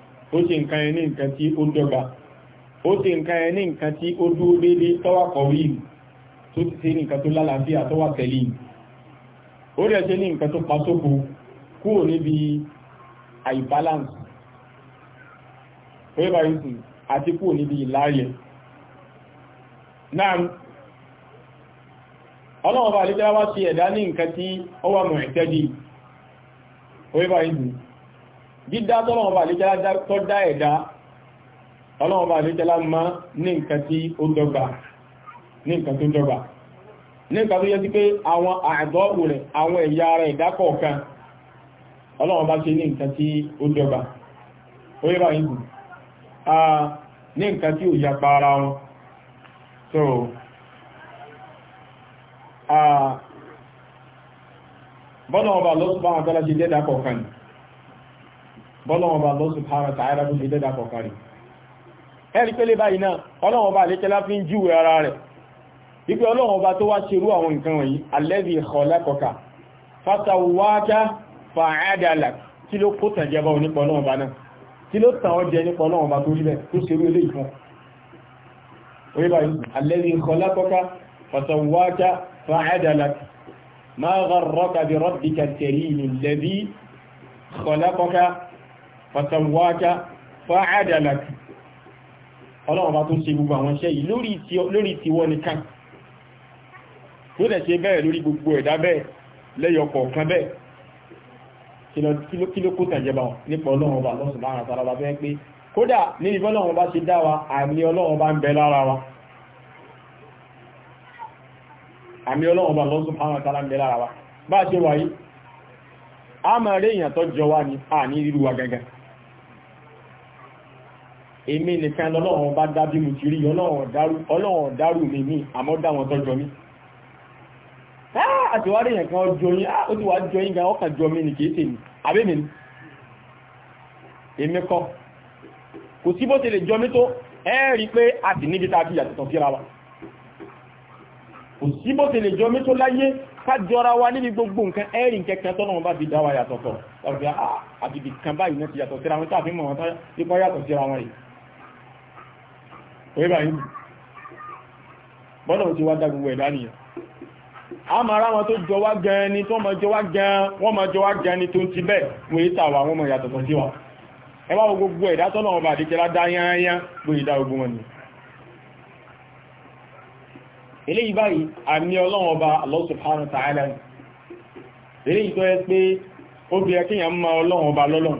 ó ṣe nǹkan ẹ̀ ní nǹkan tí ó dọ́gba ó ṣe nǹkan ẹ̀ ní nǹkan tí ó dúró dédé tọ́wà kọ̀wé ìlú tó ti ṣe nǹkan tó lálàáfíà tọ́wà tẹ̀lé ìlú ó rẹ̀ ṣe ní nǹkan tó pa sóko kúrò níbi àìbálànsì pé àti kúrò níbi ìláyẹ̀ náà ọlọ́wọ́ bá àlejò wá ṣe ẹ̀dá ní nǹkan tí ó wà mọ̀ ẹ̀tẹ́dì pé báyìí dídá tọ́lọ́wọ́ba àlejẹ́lá tó dá ẹ̀dá ọlọ́wọ́ba àlejẹ́lá ma ní nǹkan tí ó dọ́gba ní nǹkan tó dọ́gba ní nǹkan tó yẹ sí pé àwọn àdọ́wò rẹ̀ àwọn ẹ̀yà ara ẹ̀dá kọ̀ọ̀kan ọlọ́wọ́ba ṣe ní nǹkan tí ó bọ́lọ́wọ́n bá lọ́sùn hàrà tààrà bó ṣe dẹ́dà kọ̀kàrí ẹ̀rí pẹ́lẹ́ báyìí náà ọlọ́wọ́n bá lékẹ́lá fi ń jíwẹ̀ ara rẹ̀ wípé ọlọ́wọ́n bá tó wá ṣerú àwọn nǹkan wọ̀nyí alẹ́bí ìkọ̀lákọ̀ká fátawáká fàádàlà kí gharraka bi rabbika karim alladhi khalaqaka fàtàwájá fa'adalaka ọlọ́run bá tó ṣe gbogbo àwọn iṣẹ́ yìí lórí tiwọ́ nìkan tó dẹ̀ ṣe bẹ́ẹ̀ lórí gbogbo ẹ̀dá bẹ́ẹ̀ lẹ́yọkọ̀ kan bẹ́ẹ̀ kí ló kó tàjẹba nípa ọlọ́run bá lọ́sùn láàrín àtàrà ní ìbọn ọlọ́run bá wa àmì ọlọ́run bá ń bẹ lára wa àmì ọlọ́run bá lọ́sùn láàrín àtàrà ń bẹ lára wa bá a ní ríru wa gangan èmi nìkan lọ́lọ́run bá dá bí mo ti rí ọlọ́run dárú mi ní àmọ́ dá wọn tọ́jọ mi àtiwárí yẹn kan jọ ó ti wá jọ yín gan jọ mi ní kìí tèmi àbẹ́mi ni èmi kọ́ kò sí bó ti lè jọ mi tó ẹ́ẹ̀rí pé a sì níbi tá a fi yàtọ̀ síra wa kò sí bó ti lè jọ mi tó láyé ká jọra wa níbi gbogbo nǹkan ẹ́rì kẹkẹrẹ tọ́nà wọn bá fi yàtọ̀ síra wọn ẹ̀rọ ìlú bọ́lọ̀ ti wá dá gbogbo ẹ̀dá nìyàn a máa rá wọn tó jọ wá gan ni tó jọ wá gan wọ́n jọ wá gan ni tó ń ti bẹ́ wọ́n yíta wà wọ́n máa yàtọ̀tọ̀ sí wa ẹ gbogbo ẹ̀dá tọ́nà ọba àdíkẹ́lá dá wọn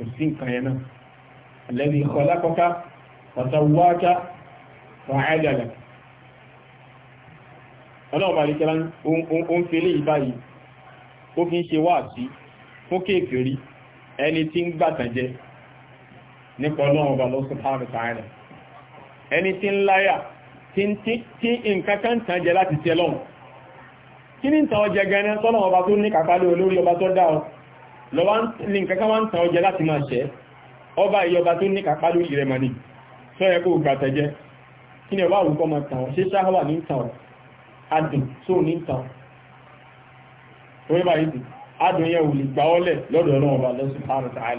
kò sí nǹkan yẹn náà alladhi khalaqaka wa sawwaka wa 'adalaka ọlọ́ọ̀bà àríkẹ́lá ó ń fẹ́lé ìbáyìí ó fi ń ṣe wá sí fún kéèkèrí ẹni tí ń gbàtànjẹ nípa ọlọ́ọ̀bà subhanahu wa ta'ala ẹni tí ń láyà tí nǹkan kan tànjẹ láti tẹ́lọ́run kí ní ìtàn ọjẹ́ gẹ́rẹ́ tọ́lọ́ọ̀bà tó ní kàkálẹ̀ olórí ọba tó dáa lọ́wọ́ ní nǹkan kan wá ń tàn ọjẹ́ láti máa ṣẹ́ ọba ìyọba tó ní kápá lórí rẹ̀ mọ̀ní sọ yẹ kó gbà kí ni ọba àwùkọ́ máa tàn ṣe ṣáhàwà ní tàn adùn tó ní tàn orí báyìí sì adùn yẹn ò lè gbà ọ́ lẹ̀ lọ́dọ̀ ọlọ́run ọba lọ subhanahu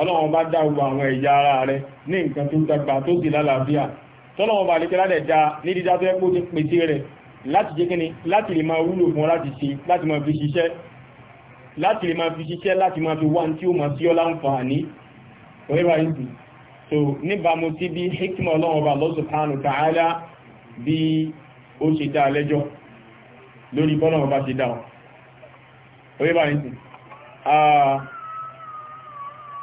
ọlọ́run bá dá gbogbo àwọn ẹ̀yà ara rẹ̀ ní nǹkan tó dàgbà tó sì lálàáfíà tọ́lọ́run bá lékẹ́ ládẹ̀ dá ní dídá tó ẹ́pọ̀ ti pèsè rẹ̀ láti jẹ́ kíni láti lè máa wúlò fún láti ṣe láti máa fi ṣiṣẹ́ láti lè máa fi ṣiṣẹ́ láti máa fi wá tí ó máa sí ọ láǹfààní oríra ìdù so níbàámu sí bí hikima ọlọ́run bá Allah subhanahu wa bí ó ṣe dá lẹ́jọ́ lórí bọ́lọ́run bá ṣe dá oríra ah, ìdù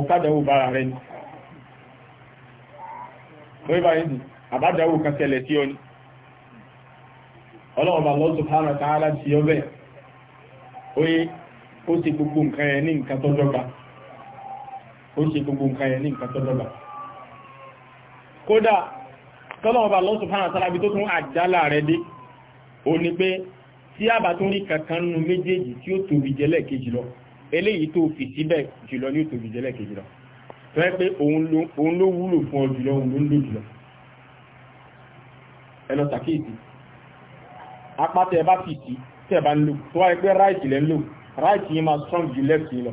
ọ̀kádàwò bára rẹ̀ ni lórí bá yìí àbádáwò kan tẹ́lẹ̀ tí ó ní ọlọ́ọ̀bà lọ́tù hàn tààlà tí ó bẹ̀ oye ó ṣe gbogbo nǹkan ẹ̀ ní nǹkan tó dọ́gba ó ṣe gbogbo nǹkan ẹ̀ ní nǹkan tó dọ́gba kódà tọ́lọ́ọ̀bà lọ́tù hàn tààlà bí tó tún àjálà rẹ̀ dé ó ní pé tí àbá tó rí kankan nínú méjèèjì tí ó tóbi jẹ́lẹ̀ kejì lọ eléyìí tó fi síbẹ̀ jùlọ ní òtò ìjẹ́lẹ̀ kejì lọ tó yẹ pé òun ló wúlò fún ọ jùlọ òun ló ń lò jùlọ ẹ lọ sàkíyèsí apá tẹ bá fi sí tẹ bá ń lò tó wáyé pé ráìtì lẹ́ ń lò ráìtì yẹn máa strong ju left yẹn lọ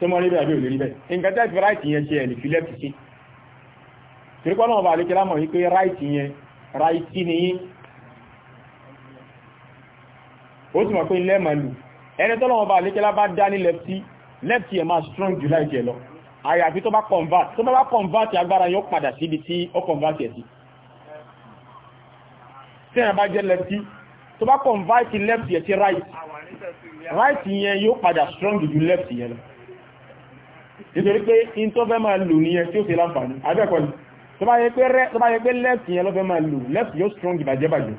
tó mọ́ níbẹ̀ àbí òlè níbẹ̀ nǹkan tẹ́ fi ráìtì yẹn ṣe ẹ̀ lè fi left ṣe torípọ́ náà bá àlékelá mọ̀ wípé ráìtì yẹn ráìtì nìyí ó sì mọ̀ pé ilé máa lò ẹni tọ́lọ́wọ́ bá lékẹ́lá bá dá ní lẹ́pítí lẹ́pítí ẹ̀ máa strong july jẹ lọ àyàfi tó bá convert tó bá convert agbára yóò padà síbi tí ó convert ẹ̀ sí tí ẹ̀ bá jẹ́ lẹ́pítí tó bá convert lẹ́pítí ẹ̀ sí right right yẹn yóò padà strong ju lẹ́pítí yẹn lọ nítorí pé in tó fẹ́ máa lò nìyẹn tí ó ṣe láǹfààní abẹ́kọ̀ọ́ ni tó bá yẹ pé lẹ́pítí yẹn ló fẹ́ máa lò lẹ́pítí yóò strong ìbàjẹ́ bàjẹ́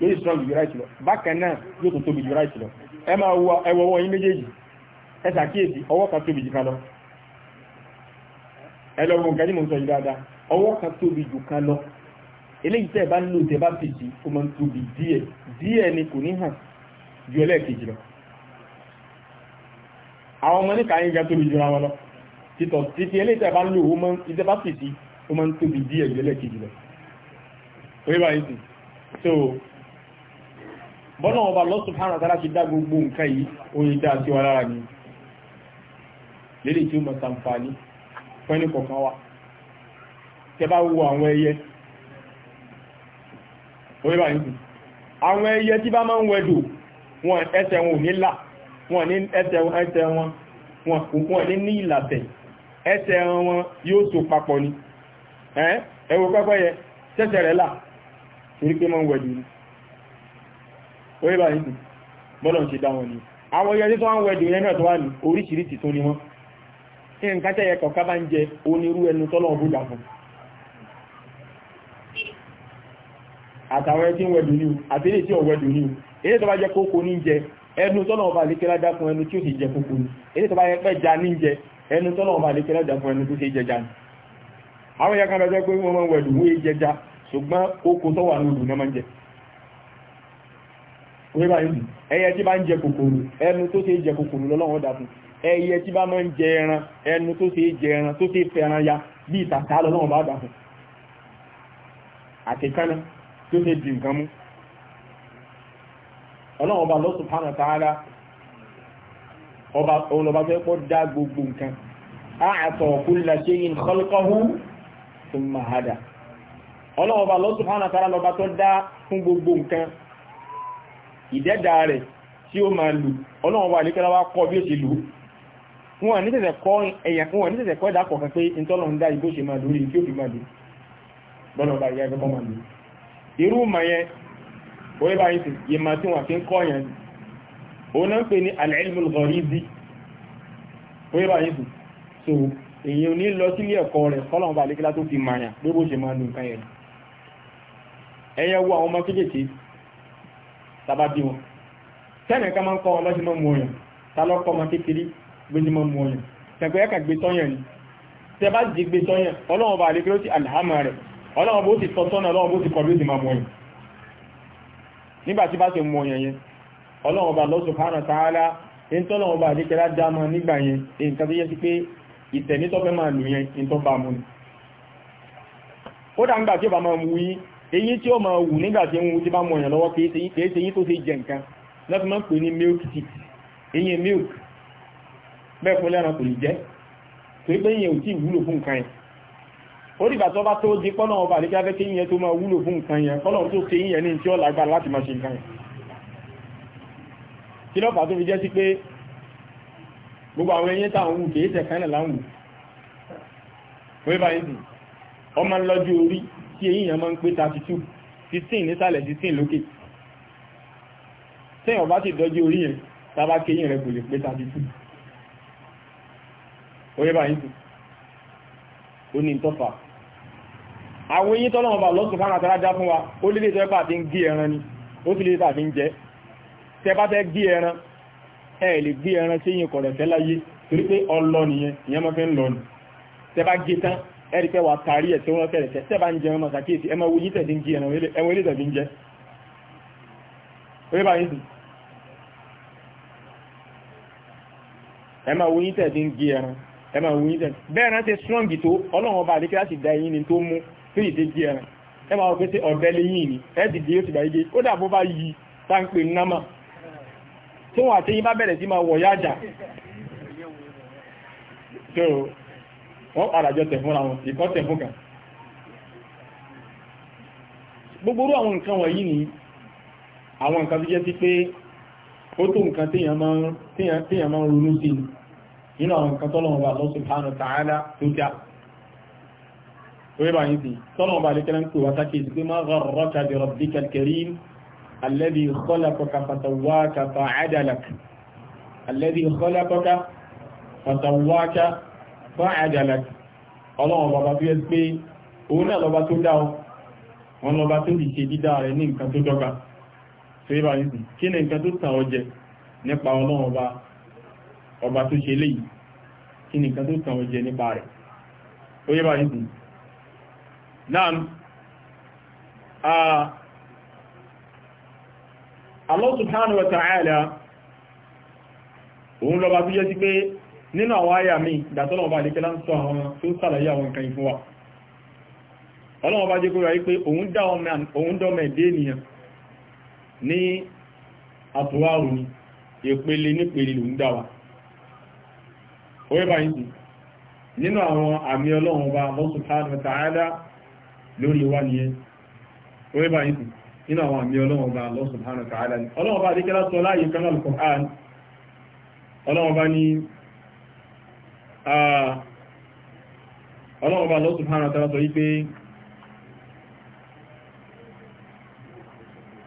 yóò strong ju right lọ bákan náà yóò tó tóbi ju right lọ E ma ẹwọ ọwọ́ yín méjèèjì ẹ ṣàkíyèsí ọwọ́ kan tóbi jù kan lọ ẹ lọ wo sọ yìí dáadáa ọwọ́ kan tóbi jù kan lọ eléyìí tẹ́ ẹ bá ń tẹ́ bá fèjì ó máa ń tóbi díẹ̀ díẹ̀ ni kò ní hàn ju ẹlẹ́ẹ̀kejì lọ àwọn ọmọ níka yín ga tóbi jù wọn lọ títọ̀ títí eléyìí tẹ́ ẹ bá ń lò bá ó máa bọ́nà ọba Allah subhanahu wa ta'ala dá gbogbo nǹkan yìí oyin dá sí wa lára ni lédè tí ó mọ̀ sàǹfààní pẹ́ẹ́nì kọ̀ọ̀kan wa tẹ wo àwọn ẹyẹ ẹyẹ tí bá máa ń wọn ẹsẹ̀ wọn wọn ní ẹsẹ̀ wọn ní ìlàtẹ̀ ẹsẹ̀ wọn yóò so papọ̀ ni ẹ tẹ́sẹ̀ rẹ̀ là torí pé máa orí bá nínú bọ́lọ̀ ń ṣe dá wọn ni àwọn yẹn tó wá ń wẹ̀dùn yẹn náà tó wà ní oríṣiríṣi tó ní wọn kí nǹkan tẹ́ yẹ kọ̀ọ̀ká bá ń jẹ onírú ẹnu tọ́lọ̀ ń bújà fún àtàwọn ẹtí ń wẹ̀dùn ní o àti ilé tí ò wẹ̀dùn ní o ilé tó bá jẹ kókó ní jẹ ẹnu tọ́lọ̀ ọba àlékẹ́lá dá fún ẹnu tí ó sì ṣùgbọ́n kókó tó wà ní odò náà máa ń jẹ wíwá ìlú ẹyẹ tí bá ń jẹ kòkòrò ẹnu tó ṣe jẹ kòkòrò lọ́lọ́wọ́ dàkún ẹyẹ tí bá máa ń jẹ ẹran ẹnu to ṣe jẹ ẹran tó ṣe fẹ́ran ya bí ìtàkà lọ́lọ́wọ́ bá dàkún àtẹ̀kánná tó ṣe dì nǹkan mú ọlọ́wọ́ bá lọ́sùn pánà ọba gbogbo shay'in khalqahu thumma hada gbogbo ìdẹ́dà rẹ̀ tí ó máa lù ọlọ́run wà nípẹ́lá wá kọ́ bí ó ṣe lù wọn ní tẹ̀sẹ̀ kọ́ ẹ̀yàn wọn ní tẹ̀sẹ̀ kọ́ ìdá kọ̀ọ̀kan pé ìtọ́lọ̀ ń dá igbó ṣe máa lórí tí ó fi máa lù lọ́nà bá ìyá ẹgbẹ́ máa lù irú mà yẹn orí bá yìí sì yẹ máa tí wọn fi ń kọ́ yẹn òun náà ń pè ní al-ilmul gharizi orí bá yìí sì so èyí ò ní lọ sílé ẹ̀kọ́ rẹ̀ kọ́lọ̀ tàbá bí wọn tẹ́nì kan máa ń kọ́ wọn lọ́sí mọ́ mú ọyàn tálọ́kọ́ ọmọ kékeré gbé sí mọ́ mú ọyàn tẹ̀pẹ́ ẹ̀ka gbé tọ́yàn ni tẹ́ bá jí gbé tọ́yàn ọlọ́wọ́n bá àlekéré ó ti àlàámà rẹ̀ ọlọ́wọ́n bó ti tọ́tọ́nà ọlọ́wọ́n bó ti kọ̀ bí ó ti máa mú ọyàn nígbà tí bá ti mú ọyàn yẹn ọlọ́wọ́n bá lọ́sùn hánà tààlà ń tọ́lọ́wọ́n bá àlekéré dá máa nígbà yẹn nǹkan tó yẹ sí pé ìtẹ̀nítọ́fẹ́ máa lù yẹn ń tọ́ bá mú èyí tí ó máa wù nígbà ń wú tí bá mọ̀ èèyàn lọ́wọ́ kìí yí tó ṣe jẹ nǹkan lọ́tí máa ń pè ní milk tea eyín milk bẹ́ẹ̀ fún lẹ́ran kò lè jẹ́ torí pé èèyàn ò tí wúlò fún nǹkan yẹn ó dìgbà tó bá tó di kọ́nà ọba àdíkà fẹ́ kí tó máa wúlò fún nǹkan yẹn kọ́nà tó ṣe yẹn ní ọmọ lọ́jọ́ orí tí eyín yẹn máa ń pé 32 15 nísàlẹ̀ 16 lókè tẹ́yàn bá ti dọ́jú orí yẹn tàbá kéyìn rẹ̀ kò lè pé 32 oye bá yìí ó ní tọ́fà àwọn eyín tọ́lọ́wọ́n bá lọ́sùn fún àtàrà já fún wa ó lè tẹ́ bá ti ń gé ẹran ni ó sì lè tàbí ń jẹ tẹ́ bá tẹ́ gé ẹran ẹ lè gé ẹran sí yìí kọ̀rẹ̀ tẹ́láyé torí pé ọlọ gé tán ẹ̀rí pé wà tàrí ẹ̀ tí wọ́n kẹ̀rẹ̀kẹ́ tẹ́bà ń jẹun ọmọta kéèsì ẹmọ owó yítẹ̀ dín jí ẹwọ ilé tẹ̀bí ń jẹ orí báyìí sí ẹmọ owó yítẹ̀ dín jí ẹran ẹmọ owó yítẹ̀ bẹ́ẹ̀ náà ti strong tó ọlọ́run ọba àdékẹ́ láti da eyín ni tó mú fún ìdé jí ẹran ẹ máa pèsè ọ̀bẹ lẹ́yìn ni ẹ dìde ó ti bá yíge ó dàbó bá yí táǹpé wọ́n padà jọ tẹ̀ fúnra wọn ìkọ́ tẹ̀ fún kan gbogbo orú àwọn nǹkan wọ̀nyí ni àwọn nǹkan tó jẹ́ sí pé ó tó nǹkan téèyàn máa ń ronú sí nínú àwọn nǹkan tọ́lọ́wọ́n bá lọ́sùn subhanahu wa tó já wíwá fún àjàlá ọlọ́run bàbá tó yẹ pé òun náà lọ́ba tó dá ọ wọn lọ́ba tó lè ṣe dídá rẹ ní nǹkan tó dọ́gba tó yẹ kí nǹkan tó tà nípa ọba ọba tó ṣe léyìí kí ni nǹkan tó tà nípa rẹ̀ nínú àwọn àyà mi ìdàtọ́lọ́wọ́ ọba dékẹ́lá ń sọ àwọn tó sàlàyé àwọn nǹkan ìfún wa ọlọ́wọ́ bá dékọ́ ráyí pé òun dọ́mẹ̀ dé ènìyàn ní àtúwárù ni ìpele nípele lòun dáwà orí báyìí nínú àwọn àmì ọlọ́run bá lọ́sùn ọlọ́ọ̀bá lọ́tù hàn àtàrà sọ wípé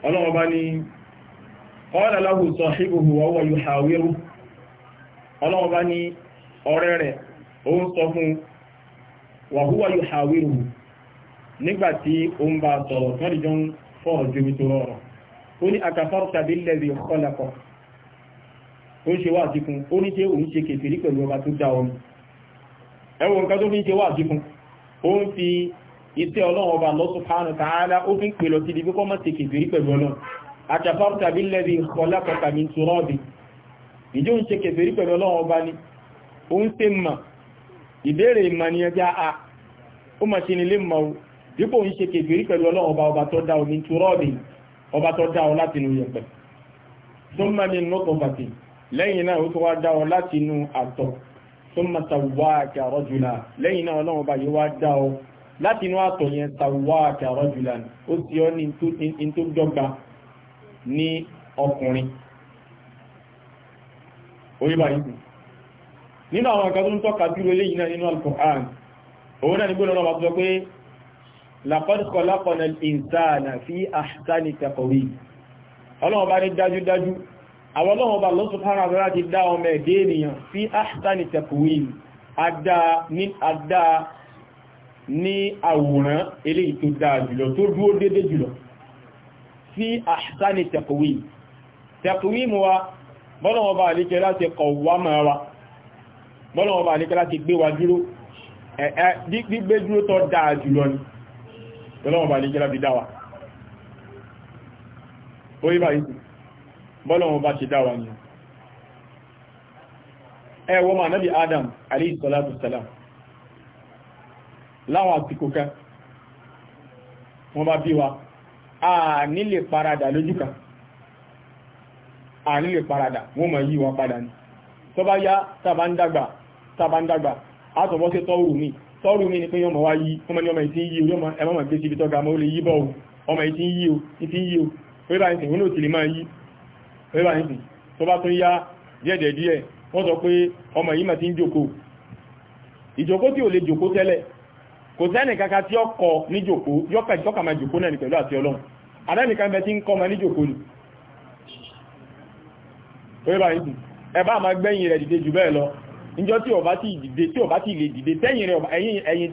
ọlọ́ọ̀bá ni wa huwa yuhawiru ọlọ́ọ̀bá ni ọ̀rẹ́ rẹ̀ ó ń sọ fún wa huwa jiri nígbàtí ó ń bá sọ̀rọ̀ tọ́lìjọ́ fọ́ọ̀jú mi ó ṣe wà sí fún ó ní tí òun ṣe kèfèrí pẹ̀lú ọba tó dá ọmọ ẹwọ nǹkan tó iṣẹ́ ọlọ́run ọba Allah subhanahu wa ta'ala ó fi ń pè lọ sí ibi kọ́ mọ́ ṣe kèfèrí pẹ̀lú ọlọ́run àtàfàrútà bí lẹ́bí khalaqaka min turabi ìjọ ń ṣe kèfèrí pẹ̀lú ọlọ́run ọba ni ó ń ṣe a ah, ó mà ṣe nílé mọ̀ o dípò ń ṣe kèfèrí pẹ̀lú ọlọ́run ọba ọba tó dá ọ min turabi lẹ́yìn náà ó tó wá dá ọ láti inú àtọ̀ thumma sawwaka rajula lẹ́yìn náà ọlọ́run bá yíwá dá ọ láti inú àtọ̀ yẹn sawwaka rajula ó sì ọ́ ní tó dọ́gba ní ọkùnrin oríbà yìí nínú àwọn akadó ń tọ́ka dúró lè yìí náà nínú al-Qur'an òun náà ní àwọn ọlọ́run bá lọ́sùn fara rárá ti dá ọmọ ẹ̀dẹ́ ènìyàn sí áṣítàní tẹ̀kùwìn adá ní àwòrán eléyìí tó dáa jùlọ tó dúró dédé jùlọ sí áṣítàní tẹ̀kùwìn tẹ̀kùwìn wa bọ́lọ̀wọ́ bá àlékẹ́ láti kọ̀wà máa wa bọ́lọ̀wọ́ bá àlékẹ́ láti gbé wa bọ́lọ̀wọ́ bá ṣe dáwà ní ẹwọ́ ma nábi adam alayhi salatu salam láwọn àtìkò ká wọ́n bá bí wa a nílè parada lójúkà a nílè parada wọ́n ma yí wa padà ní tó bá yá tàbá ń dàgbà tàbá ń dàgbà a tọ̀bọ́ sí tọ́rù mi tọ́rù mi ni pé yọmọ wá yí ọmọ ni ọmọ ìtí yí o ẹmọ́mọ̀ gbé síbi tọ́ga mọ́ ó lè yí bọ́ ọmọ ìtí yí o ìtí yí o pé báyìí sì wọ́n ti lè máa yí rẹ́bà ní tó bá tún yá díẹ̀dẹ̀ díẹ̀ wọ́n sọ pé ọmọ yìí mà ti ń jòkó ìjòkó tí ò lè jòkó tẹ́lẹ̀ kò sẹ́ni kankan tí ó kọ ní jòkó yọ́pẹ̀ tọ́ka máa jòkó náà ní pẹ̀lú àti ọlọ́run adẹ́nìkan bẹ ti ń kọ́ ma ní jòkó ni rẹ́bà ní ẹ̀bá máa gbẹ́yìn rẹ̀ dìde jù bẹ́ẹ̀ lọ níjọ́ tí ó bá ti dìde tí ó bá ti lè dìde tẹ́yìn rẹ̀ ẹ̀yìn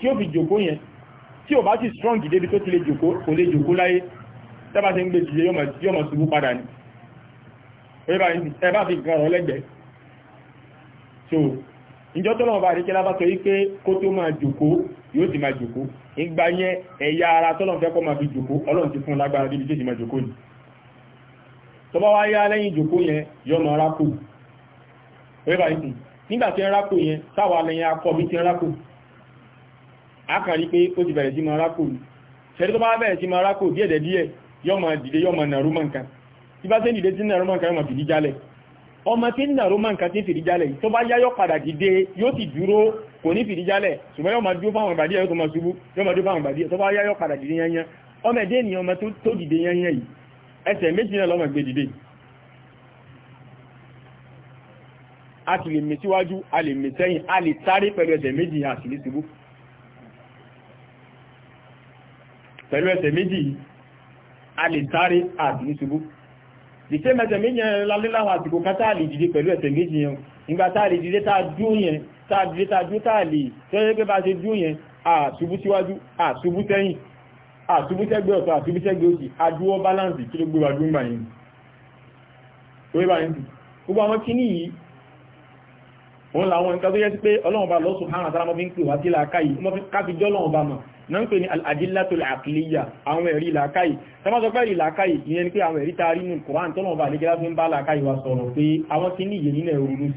tí strong débi tó ti lè jòkó kò lè jòkó láyé tẹ́bà ti ń ẹbá fi gan ọ̀rọ̀ lẹ́gbẹ̀ẹ́ so ìjọ tọ́lọ̀ bá àríkẹ́ lábá sọ wípé kó tó máa jòkó yóò ti máa jòkó ìgbà yẹn ẹ̀yà ara tọ́lọ̀ fẹ́ kọ́ máa fi jòkó ọlọ́run ti fún lágbára bí ibi máa jòkó ni tó bá wá yá lẹ́yìn jòkó yẹn yọ máa rákò ẹbá yìí nígbà tí ń rákò yẹn táwa lẹ́yìn akọ bí ti máa rákò ni tí bá tẹ́lì dé tí náà roman kan yóò fìdí jálẹ̀ ọmọ tí náà roman kan tí fìdí jálẹ̀ tó bá yáyọ́ padà dìde yóò ti dúró kò ní fìdí jálẹ̀ ṣùgbọ́n yóò máa dúró fáwọn ìbàdí ẹ̀yọ́ tó máa ṣubú yóò máa dúró fáwọn ìbàdí tó bá yáyọ́ padà dìde yányán ọmọ ẹ̀dẹ́ ènìyàn ọmọ tó dìde yányán yìí ẹsẹ̀ méjì náà lọ́mọ gbé dìde a ti lè mì síwájú a lè mì sẹ́yìn a lè sáré pẹ̀lú ẹsẹ̀ méjì a sì lè ṣubú pẹ̀lú ẹsẹ̀ méjì a lè sáré a sì lè ṣubú ìṣe mẹ́tẹ̀ méjì yẹn lálé láwọn àsìkò kan táà lè dìde pẹ̀lú ẹ̀tẹ̀ méjì yẹn nígbà táà lè dìde táà dúó yẹn táà dìde táà dúó táà lè tẹ́lẹ́ pé bá ṣe dúó yẹn àṣubú síwájú àṣubú sẹ́yìn àṣubú sẹ́gbẹ́ ọ̀tọ̀ àṣubú sẹ́gbẹ́ òsì adúwọ́ báláǹsì kí ló gbé wa gbé gbà yẹn òun làwọn nǹkan tó yẹ́ sí pé ọlọ́run bá lọ́sùn hàn àtàrà mọ́fí ń pè wá sí làákàyè káfí jọ́lọ́run bá mọ̀ náà ń pè ní al-adillatul aqliyya àwọn ẹ̀rí làákàyè tọ́mọ́ sọ pé ẹ̀rí làákàyè ìyẹn ni pé àwọn ẹ̀rí ta rí nù Qur'an tọ́lọ́run bá lẹ́gẹ́lá fi ń bá làákàyè wa sọ̀rọ̀ pé àwọn ti ní ìyẹn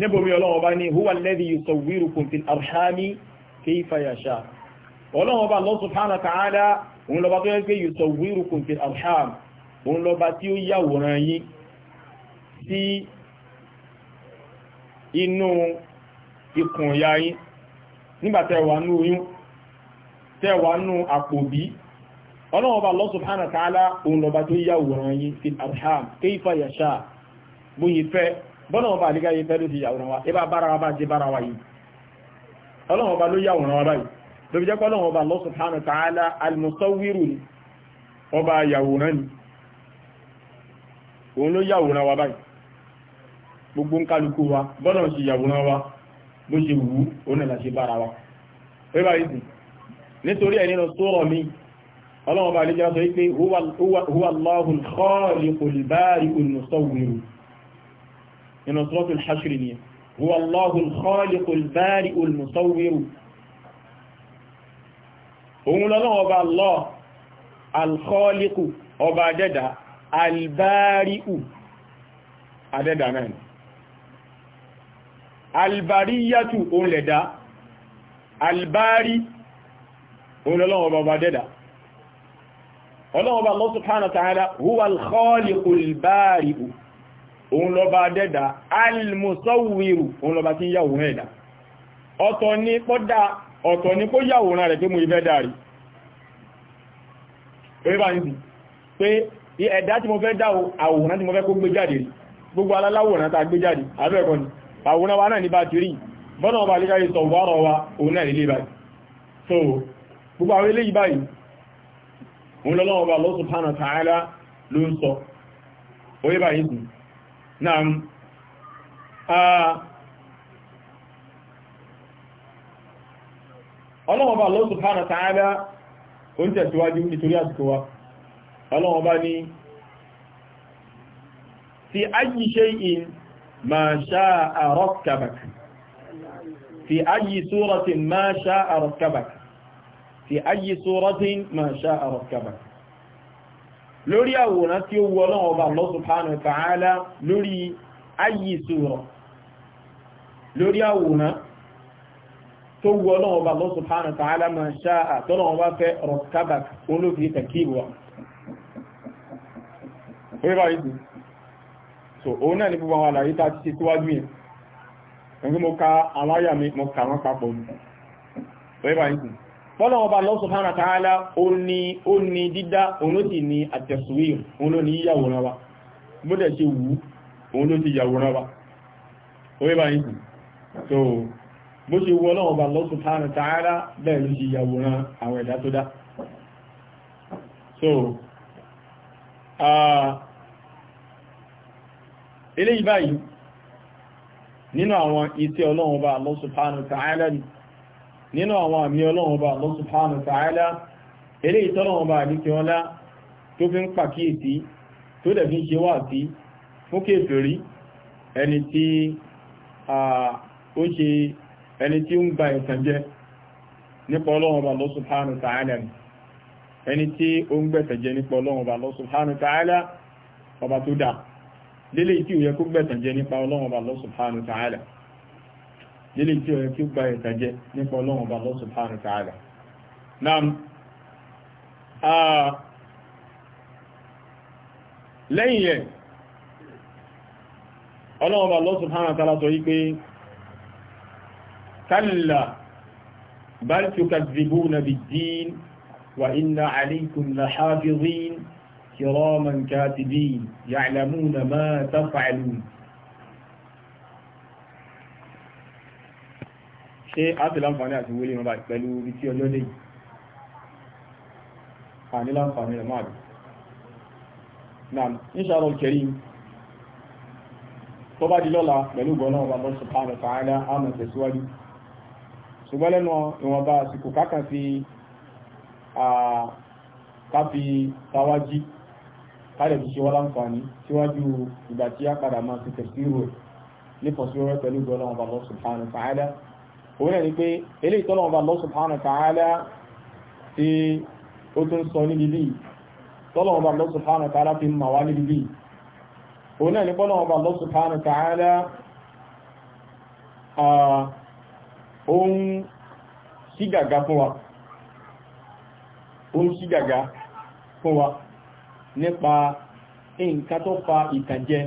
níbomi ọlọ́wọ́ bá ní huwa alladhi yusawwirukum fil arhami kayfa yasha ọlọ́wọ́ bá Allah subhanahu wa ta'ala òun lọ bá tó yẹ́ pé yusawwirukum fil arham òun lọ bá tí ó yàwòrán yí sí inú ikùn ya yí nígbàtẹ́ wà ní oyún tẹ́ wà ní àpòbí bọ́nà ọba àdígá yìí fẹ́ ló fi yàwòrán wa ibá bára wa bá jẹ bára wa yìí ọlọ́run ọba ló yàwòrán wa báyìí ló fi jẹ́ pé ọlọ́run ọba Allah subhanahu wa ọba yàwòrán ni òun ló yàwòrán wa báyìí gbogbo ń kálukú wa bọ́nà nínú sọ́tún hashiri ni huwa allahul khaliqul bari'ul musawwiru òun lọ́lọ́wọ́ ọba allah alkhaliqu ọba adẹ́dà albari'u adẹ́dà náà ni albariyatu òun lẹ̀dá albari òun lọ́lọ́wọ́ ọba adẹ́dà ọlọ́wọ́ ọba allah subhanahu wa ta'ala huwa alkhaliqul bari'u òun lọba adẹ́dà al-musawwiru òun lọba tí ń yàwó ẹ̀dà ọ̀tọ̀ ni kódà ọ̀tọ̀ ni kó yàwó rán rẹ̀ pé mú ìfẹ́ dàrí ríbà ń bí pé ẹ̀dá tí mo fẹ́ dá àwòrán tí mo fẹ́ kó gbé jáde rí gbogbo aláwòrán tá gbé jáde abẹ́ẹ̀kọ́ ni so gbogbo àwọn eléyìí báyìí òun lọ́lọ́wọ́ bá Allah subhanahu wa ta'ala نعم آه. الله وبا الله سبحانه وتعالى كنت تواجه لي تريد كوا الله وباني في اي شيء ما شاء ركبك في اي سوره ما شاء ركبك في اي سوره ما شاء ركبك lórí àwòrán tí ó wọ ọlọ́run ọba Allah subhanahu ta'ala lórí ayé lórí àwòrán tó ọlọ́run ọba Allah subhanahu ta'ala ma ọba fẹ́ rọ̀kábàk olófin tẹ̀kíìbù fọ́lọ̀wọ́ bá lọ́sọ̀ fánà tààlá ó ní dídá òun ló ti ní àtẹ̀sùwé òun ló ní yàwòrán wa bó dẹ̀ ṣe wù òun ló ti yàwòrán wa orí bá yìí so bó ṣe wù ọlọ́wọ́ bá lọ́sọ̀ fánà tààlá bẹ́ẹ̀ ló ṣe yàwòrán àwọn ẹ̀dá tó dá so nínú àwọn àmì ọlọ́run ọba Allah subhanahu wa ta'ala eré ìtọ́lọ́run ọba àníkí ọlá tó fi ń pàkíyèsí tó dẹ̀ fi ń ṣe wà sí fún kéfèrí ẹni tí ó ṣe ẹni tí ó ń gba ìtànjẹ nípa ọlọ́run ọba Allah subhanahu wa ta'ala ẹni tí ó ń gbẹ̀tànjẹ nípa ọlọ́run lílé tí ó yẹ kí ó gba ìtàjẹ nípa ọlọ́run ọba Allah subhanahu wa ta'ala naam lẹ́yìn yẹn ọlọ́run ọba Allah subhanahu wa ta'ala sọ yí pé kálà bal tukadhibuna bid-din wa inna alaykum lahafizin kiraman katibin ya'lamuna ma taf'alun ṣe àtìláǹfààní àti wọlé wọn báyìí pẹ̀lú ibi tí ọjọ́ léyìí àníláǹfààní rẹ̀ máa bí náà inṣàlọ́ kẹrí tó bá di lọ́la pẹ̀lú gbọ́nà ọba lọ sí pàánù tààlà àmà tẹ̀síwájú ṣùgbọ́n lẹ́nu ìwọ̀nba àsìkò kákan sí káfí tawájí kálẹ̀ fi ṣe wá láǹfààní síwájú ìgbà tí a padà máa ti tẹ̀síwò ní pọ̀síwẹ́rẹ́ pẹ̀lú gbọ́nà òun ẹ̀rí pé ilé ìtọ́lọ̀ ọba Allah subhanahu wa ta'ala tí ó tún sọ níbi bí tọ́lọ̀ ọba Allah subhanahu wa fi mà wá níbi bí òun ẹ̀rí pọ́lọ̀ ọba Allah subhanahu ta'ala ohun sígàgá fún wa ohun sígàgá fún wa nípa nǹkan tó fa ìtànjẹ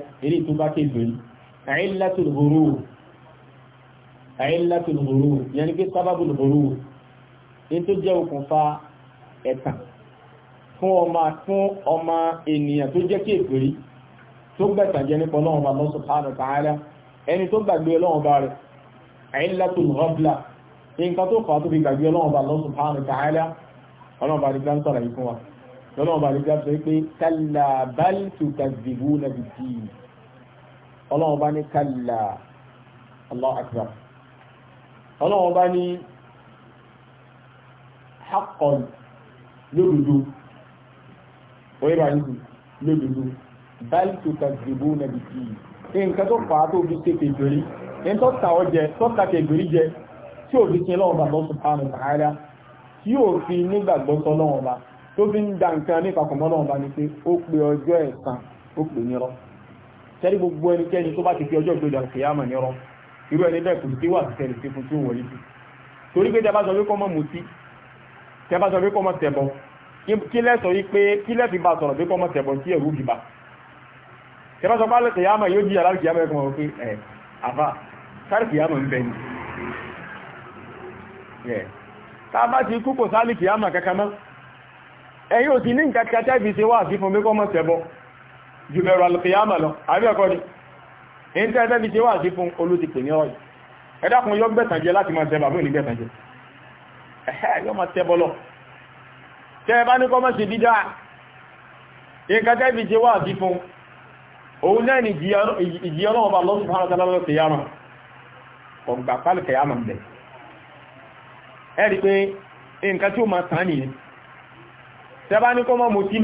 àìlẹ́tùl ghurur yẹn ni pé sábàbùl ghurur ní tó jẹ́ okùnfà ẹ̀tàn fún ọmọ fún ọmọ ènìyàn tó jẹ́ kéèkèrí tó gbẹ̀tàn jẹ́ nípa ọlọ́run Allah subhanahu wa ta'ala ẹni tó gbàgbé ọlọ́run bá rẹ̀ àìlẹ́tùl ghafla nǹkan tó fàá tó fi gbàgbé ọlọ́run Allah akbar ọlọ́wọ́ bá ní haqqan lódodo orí bá nìkú lódodo bal tukadhibuna bihi nǹkan tó fà á tó fi ṣe kègbèrí ní tọ́ta ọjẹ́ tọ́ta kègbèrí jẹ tí ò fi ṣe lọ́wọ́ bá lọ́sùn pàánù àárá tí ò fi nígbàgbọ́ sọ lọ́wọ́ bá tó fi ń da nǹkan ní irú ẹni bẹ́ẹ̀ kò sí wà tẹ̀lé sí fún tí ó wọlé sí torí pé tẹ́bá sọ pé kọ́ mọ́ mutí tẹ́bá sọ pé kọ́ mọ́ tẹ̀bọ kí lẹ́sọ̀ yí pé kí lẹ́fi bá sọ̀rọ̀ pé kọ́ mọ́ tẹ̀bọ sí ẹ̀rú bìbá tẹ́bá sọ pálẹ̀ tẹ̀yàmọ̀ yóò jìyà láti kìyàmọ̀ ẹ̀kọ́ pé ẹ̀ àfà sáré kìyàmọ̀ ń bẹ ni tá a bá ti kú kò sáré kìyàmọ̀ kankan mọ́ ẹ̀yin ò ti ní nǹkan kan tẹ́bi ṣe wá sí fún mi kọ́ mọ́ tẹ̀bọ jùmẹ̀rọ̀ àlùkìyàmọ̀ lọ àbí ẹ̀kọ́ ni èyí tí ẹgbẹ́ mi ṣe wà sí fún olóti pè ní ọ̀rọ̀ ẹ̀dàkùn yọ gbẹ̀tànjẹ láti máa tẹ bàbá òní gbẹ̀tànjẹ ẹ̀hẹ́ yọ máa tẹ bọ́lọ̀ tẹ bá ní kọ́mọ́ sí dídá nǹkan tẹ́ fi ṣe wà sí fún ni ìjì ọlọ́wọ́ bá lọ́sùn fún ara lọ́sùn yàmà ọgbà pálùkẹ̀ bá ní kọ́mọ́ mutí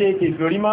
ṣe kèfèrí má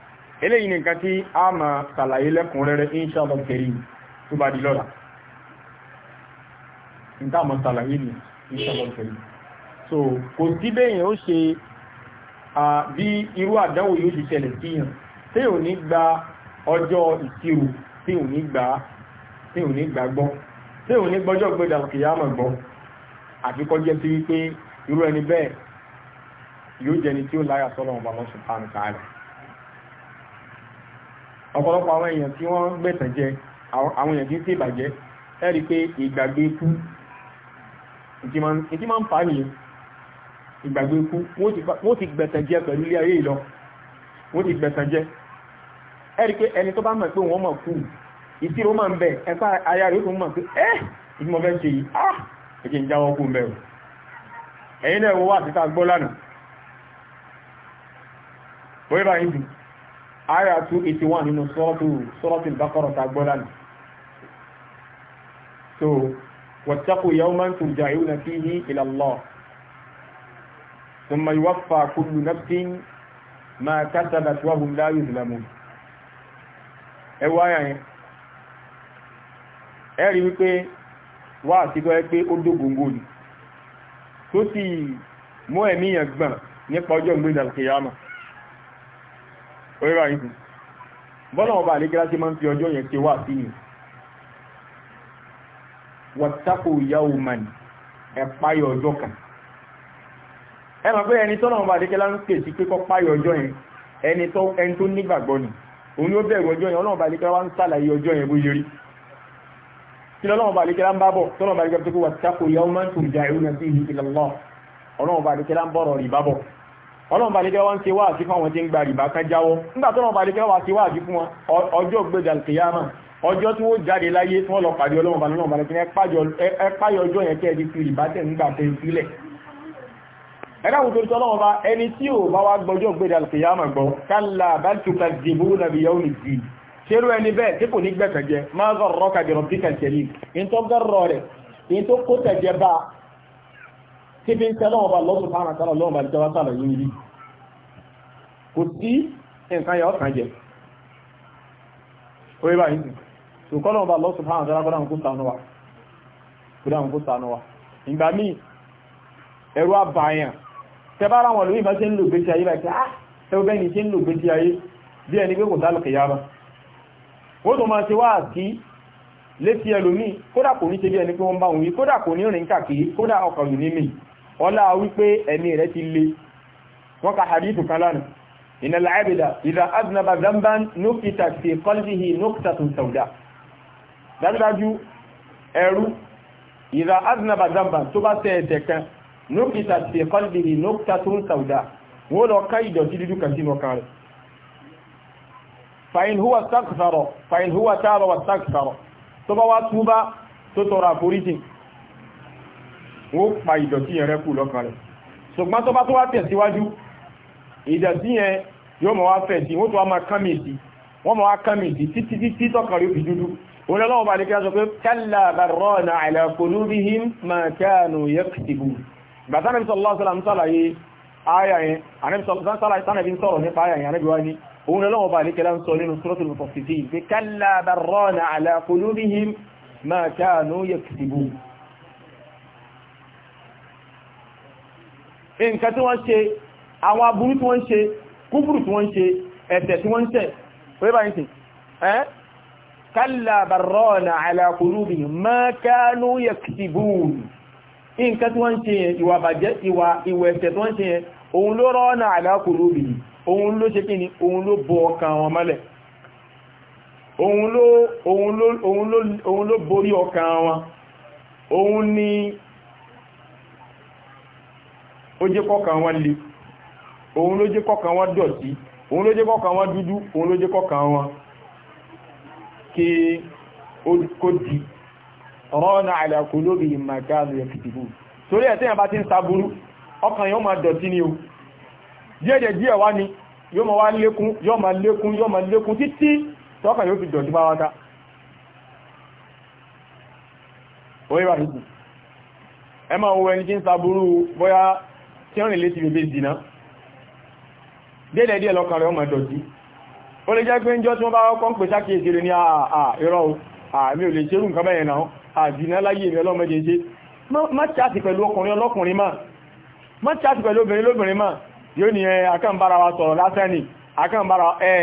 eléyìí nìkan tí a máa ṣàlàyé lẹ́kùnrẹ́rẹ́ inṣàlọ́ kẹrì tó bá di lọ́la níta mọ̀ ṣàlàyé ni inṣàlọ́ kẹrì so kò sí bẹ́yìn ó ṣe bí irú àdánwò yóò ti ṣẹlẹ̀ sí yàn tí ò ní gba ọjọ́ ìṣirò tí ò ní gbà gbọ́ tí ò ní gbọ́jọ́ gbẹ́dà wípé irú ẹni bẹ́ẹ̀ yóò jẹni tí ó láyà sọ́lọ́run bàbá sùn pàǹkà rẹ̀ ọ̀pọ̀lọpọ̀ àwọn èèyàn tí wọ́n gbẹ̀tàn jẹ àwọn èèyàn tí ń ṣe ìbàjẹ́ ẹ rí pé ìgbàgbé kú ìtí máa ń fà nìyẹn ìgbàgbé kú wọ́n ti gbẹ̀tàn jẹ pẹ̀lú ilé ayé ìlọ wọ́n ti gbẹ̀tàn jẹ ẹ rí pé ẹni tó bá mọ̀ pé wọ́n mọ̀ kú ìṣirò máa ń bẹ̀ ẹ̀pá aya rẹ̀ tó mọ̀ pé ẹ́ ìtumọ̀ fẹ́ ṣe yìí ah ẹ̀jẹ̀ ń jáwọ́ kú mẹ́rù ẹ̀yin náà wọ́n wà sí ta gbọ́ lánàá bóyá báyìí dùn àyà 281 nínú sọ́rọ́tù ìbákọ́rọ̀ ta gbọ́lá nì so wàtàkù yawman turja'una fihi ila Allah thumma yuwaffa kullu nafsin ma kasabat wa hum la yuzlamun ẹwà yẹn ẹ̀rí wípé wà síkọ́ ẹ pé ó dógóngó ni tó sì mú ẹ̀mí yẹn nípa ọjọ́ ìgbéǹdà oríra ìsì bọ́lá ọba àlégẹ́lá tí máa ń fi ọjọ́ yẹn ṣe wà sí ni wọ́tàkù yawman ẹ̀páyọ̀ ọjọ́ kan ẹ mọ̀ pé ẹni tọ́lá ọba àlégẹ́lá ń pè sí pé kọ́ páyọ̀ ọjọ́ yẹn ẹni tó nígbàgbọ́ ni òun ni ó bẹ̀rù ọjọ́ yẹn ọlọ́ọ̀ba àlégẹ́lá wá ń sàlàyé ọjọ́ yẹn bó ṣe rí kí lọ́lọ́ọ̀ba àlégẹ́lá ń bá bọ̀ tọ́lọ́ọ̀ba àlégẹ́lá tó kó wọ́tàkù yawman tó jà ìrúnà sí ìhìn ìlọ́lọ́ ọlọ́ọ̀ba àlégẹ́lá ń bọ̀rọ̀ rí bá bọ̀ ọlọ́run bá lè kẹ́ wọ́n ti wá àti fún àwọn tí ń gba rìbá kan jáwọ́ nígbà tó lọ́run bá lè kẹ́ wá ti wá àti fún wọn ọjọ́ gbẹ́jà kìyàmà ọjọ́ tí wọ́n jáde láyé tí wọ́n lọ pàdé ọlọ́run bá lọ́run bá lè kẹ́ páyọ ọjọ́ yẹn kẹ́ ẹni fi rìbá tẹ̀ nígbà tẹ̀ sílẹ̀ ẹ̀dá àwọn tó tọ́lọ́wọ́ bá ẹni tí ò bá wá gbọ́jọ́ gbẹ́jà kìyàmà gbọ́ kálá bá tún ka jìbú nàbí yàwó ní ti ṣerú ẹni bẹ́ẹ̀ tí kò ní gbẹ̀kẹ̀jẹ máa gọ̀rọ̀ kàbìrọ̀ bí kàṣẹ́lì ní tó gọ̀rọ̀ rẹ̀ ní tó kó tẹ̀jẹ bá tí fi ń tẹ́ lọ́wọ́ bá lọ́sùn fáwọn àtàlọ́ lọ́wọ́ bá jọba sàlọ̀ yìí rí kò sí nǹkan yà ọ̀kan jẹ orí bá yìí tó kọ́ lọ́wọ́ bá lọ́sùn fáwọn àtàlọ́ kọ́dà nǹkó sànú wa kọ́dà nǹkó sànú wa ìgbà míì ẹ̀rù àbàyàn tẹ bá ara wọn lórí ìbá ṣe ń lò gbèsè ayé báyìí ah ẹ̀rù bẹ́ẹ̀ ni ṣe ń lò gbèsè ayé bí ẹni pé kò sálùkì yára wọ́n tó máa ṣe wá àti létí ẹlòmíì kódà kò ní ṣe bí ẹni pé wọ́n bá òun yìí kódà kò ní rìn káàkiri kódà ọkọ̀ yìí ní mìí ọlá wípé ẹ̀mí rẹ̀ ti le wọ́n ka hadithu kan lánàá inna al-abda idha aznaba dhanban nukita fi qalbihi nuktatun sawda dájúdájú ẹrú idha aznaba dhanban tó bá tẹ́ ẹ̀tẹ̀ kan nukita fi qalbihi nuktatun sawda wọ́n lọ ká ìdọ̀tí dúdú kan sínú ọkàn rẹ̀ fàyín húwa sáàkùsàrọ̀ fàyín húwa sáàrọ̀ wà sáàkùsàrọ̀ tó bá wá túbá tó tọrọ àforíjìn wọ́n pa ìdọ̀tí yẹn rẹ́kù lọ́kàn rẹ̀ ṣùgbọ́n tó bá tó wá tẹ̀síwájú ìdọ̀tí yẹn yóò mọ̀ wá fẹ̀ sí wọ́n tó wá máa kán mi sí wọ́n mọ̀ wá kán mi sí títí títí tọkàn rí fi dúdú òun lọ́wọ́ bá nìkan sọ pé kalla barrana ala qulubihim ma kanu yaktibu bàtà nàbí sallallahu alaihi wasallam sàlàyé àyà yẹn ànàbí sàlàyé sànàbí nǹkan tí wọ́n ṣe àwọn aburú tí wọ́n ṣe kúfùrù tí wọ́n ṣe ẹ̀tẹ̀ tí wọ́n ṣẹ̀ wọ́n bá ń sìn ẹ́ kálà bàrọ́ọ̀nà ala qulubihim ma kanu yaktibun nǹkan tí wọ́n ṣe yẹn ìwà bàjẹ́ ó jẹ́ kọ́kàn wọn le òun ló jẹ́ kọ́kàn wọn dọ̀tí òun ló jẹ́ kọ́kàn wọn dúdú òun ló jẹ́ kọ́kàn wọn kí ó di rọ́nà àlàkù lórí ìmàgáàlù ẹ̀kìtìbù torí ẹ̀ tẹ́yàn bá ti ń sàbúrú ọkàn yóò máa dọ̀tí ni o díẹ̀dẹ̀ díẹ̀ wá ni yóò máa wá lékún yóò máa lékún yóò máa lékún títí tọ́kàn yóò fi dọ̀tí bá wáta orí wà nìkù ẹ máa wo ẹni tí ń sàbúrú bóyá tí wọ́n lè ti bèbè dìna dédé díẹ̀ lọ́kàn rẹ̀ ọmọ ìdọ̀tí ó lè jẹ́ pé ń jọ tí wọ́n bá ọkọ́ ń pè sákèèsì rẹ̀ ní àìrọ̀ àmì ò lè ṣerú nǹkan bẹ́yẹn náà àdìná láyé ìrẹ̀ ọlọ́mọdé ṣe má chaàtì pẹ̀lú ọkùnrin ọlọ́kùnrin máa má chaàtì pẹ̀lú obìnrin lóbìnrin máa yóò ní ẹ akẹ́ǹbára wa sọ̀rọ̀ lásán ni akẹ́ǹbára ẹ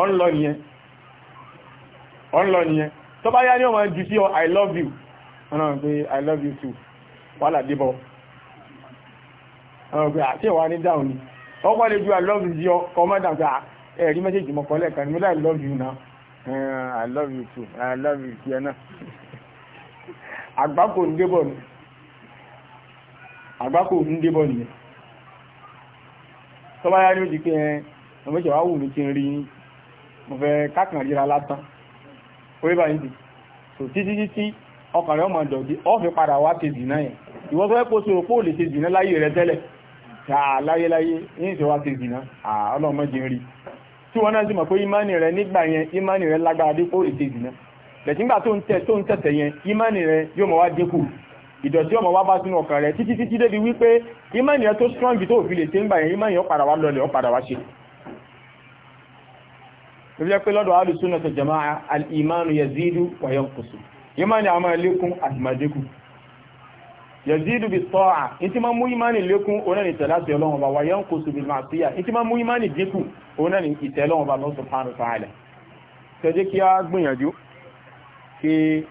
ọ̀nlọ nìyẹn tó bá yá ní ọmọ jù i love you i love you too wàhálà àwọn ọgbẹ́ àti ìwà ní dáhùn ni ọkọ̀ lè ju i love you yọ kọ́mọ́dà pé ẹ̀rí mẹ́sẹ̀jì mọ̀kọ́ lẹ́ẹ̀kan ní love you náà eh, i love you too i love you tiẹ̀ náà àgbákò ń débọ̀ ni àgbákò ń débọ̀ ni tọ́ba yá ni ó ti pé ẹ ọmọ ìṣẹ̀wá wù mí kí n rí mo fẹ́ kákan ríra látàn orí báyìí dì so títí títí ọkàn rẹ̀ ọmọ ìdọ̀dí ọ́ fi padà wá ti dì náà yẹn ìwọ́n fẹ́ kó sọ̀rọ̀ pé ò lè ti dì náà láyé rẹ̀ tẹ́lẹ̀ láyéláyé ní ìṣẹ́wà ti gbìnà ọlọ́mọ́jì rí tí wọ́n náà sì mọ̀ pé ìmánì rẹ̀ nígbà yẹn ìmánì rẹ̀ lágbára dípò ètè ìgbìnà lẹ̀tíngbà tó ń tẹ̀ tó ń tẹ̀tẹ̀ yẹn ìmánì rẹ̀ yóò mọ̀ wá dínkù ìdọ̀tí ọmọ wá bá sínú ọkàn rẹ̀ títí títí débi wípé ìmánì rẹ̀ tó strong tó fi lè ṣe ń gbà yẹn ìmánì ọ̀padà wá lọlẹ̀ ọ̀padà wá ṣe ìfẹ́ pé lọ́dọ̀ alùsùn náà sọ jama'a al-imanu yazidu wa yanqusu ìmánì àwọn ẹlẹ́kùn àtìmọ̀dékù yazidu bi ta'a inti ma mú imani lékún ona ni talati Ọlọ́run ba wa yanqusu bil ma'siyah inti ma mú imani dínkù ona ni Ọlọ́run ba lo subhanahu wa ta'ala ṣé kí a gbìyànjú kí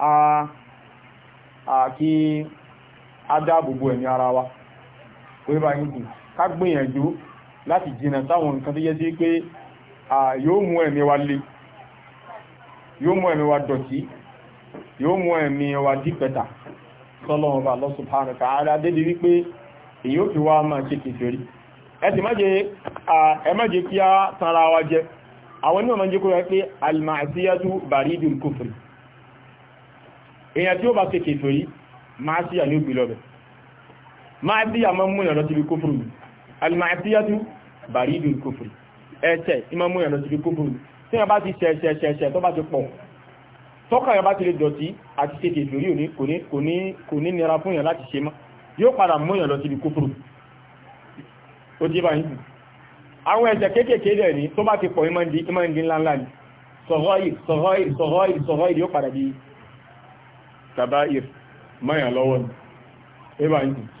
a a kí adabu bo ẹ̀mí ara wa ko ba yin ká gbìyànjú láti jìnà sáwọn nǹkan tó yẹ sí pé a yóò mú ẹ̀mí wa le yóò mú ẹ̀mí wa dọ̀tí yóò mú ẹ̀mí wa dípẹ̀ta sọ́lọ́wọ́n bá lọ́sùn pàánù káàrà dédé wípé èyí ò fi wá máa ṣe kìfèrí ẹ̀sì mẹ́jẹ kí a tanra wa jẹ àwọn onímọ̀ mẹ́jẹ kó rẹ̀ pé alìmáàsíyájú baridul kufri èyàn tí ó bá ṣe kìfèrí máa síyà ní ògbì lọ́bẹ̀ máa síyà mọ́ mú ìrọ̀ síbi kufri alìmáàsíyájú baridul kufri ẹ̀ṣẹ̀ ìmọ̀ mú ìrọ̀ síbi kufri tí wọ́n bá ti ṣẹ̀ṣẹ̀ṣẹ̀ tó bá ti pọ̀ tọ́kà yọba ti lè dọ̀tí àti ṣe kèfè rí òní kò ní nira fún yàn láti ṣe mọ́ yóò padà mú yàn lọ síbi kúfùrù ó jẹ́ báyìí sùn àwọn ẹ̀ṣẹ̀ kéékèèké dẹ̀ ní tó bá ti pọ̀ ìmọ̀ ìdí ńláńlá ni sọ̀rọ̀ì sọ̀rọ̀ì sọ̀rọ̀ì sọ̀rọ̀ì yóò padà di kàbáìr mọ́yàn lọ́wọ́ ni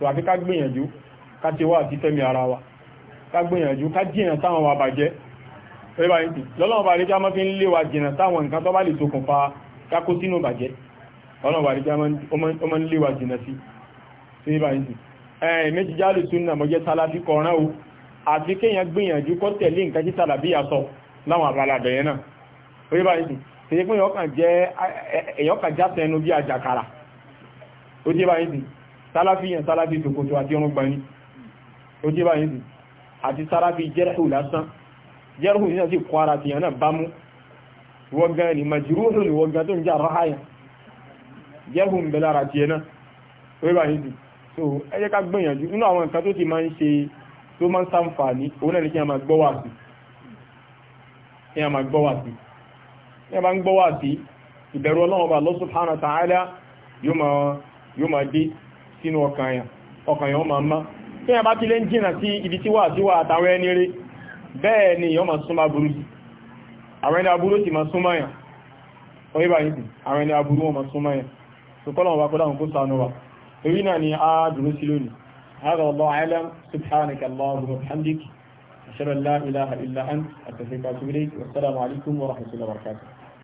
ó wa ká gbìyànjú ká jìyàn táwọn wa bàjẹ́ ó bá yìí lọ́lọ́wọ́ bá lè já mọ́ fi ń léwa jìyàn táwọn nǹkan tó bá lè ṣokùnfà kákó sínú bàjẹ́ ọlọ́wà àríjá ọmọ ń léwà jìnà sí sí bá yìí ẹ̀ méjì jáàlù tún nà mọ́jẹ́ sálábí kọ̀ọ̀rán o àti kéèyàn gbìyànjú kọ́ tẹ̀lé nǹkan tí sálábí àsọ láwọn àbálà bẹ̀yẹn náà ó yé bá yìí sì ṣe pé èyàn kan já sẹnu bí àjàkàrà ó yé bá yìí sì sálábí yẹn sálábí tòkòtò àti ọrùn gbani ó yé bá yìí ìwọ ni majruhun ìwọ gan tó ń jà ráháyà jẹ́hùn bẹ lára tiẹ̀ náà orí so ẹ jẹ́ ká gbìyànjú nínú àwọn nǹkan tó ti máa ń ṣe tó máa ń sàǹfààní òun náà ni kí a máa gbọ́ sí Allah subhanahu wa ta'ala yóò máa yóò máa dé sínú ọkàn yà ọkàn yà ó máa má kí a bá bẹ́ẹ̀ ni yóò máa súnmọ́ burú àwọn ẹni aburú ti máa súnmọ́ yàn wọ́n yíba yìí àwọn ẹni aburú wọn máa súnmọ́ yàn tó kọ́lọ̀ wọn kọ́lọ̀ kó sànú wa èyí náà ni a dúró sí lónìí هذا والله أعلم سبحانك اللهم وبحمدك أشهد أن لا إلا أنت أستغفرك وأتوب إليك عليكم ورحمة الله وبركاته